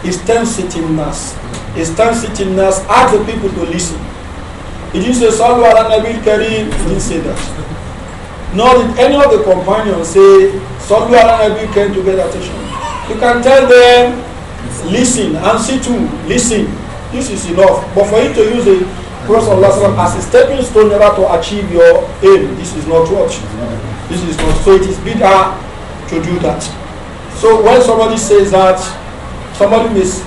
istansitting nas, sitting nas, ask the people to listen. He didn't say, Salwa ala Nabil Karim, he didn't say that. Nor did any of the companions say, Salwa ala Nabil Karim to get attention. You can tell them, listen, and see to, listen. This is enough. But for you to use it, Prophet as a stepping stone never to achieve your aim. This is not what. This is not. So it is better to do that. So when somebody says that, somebody may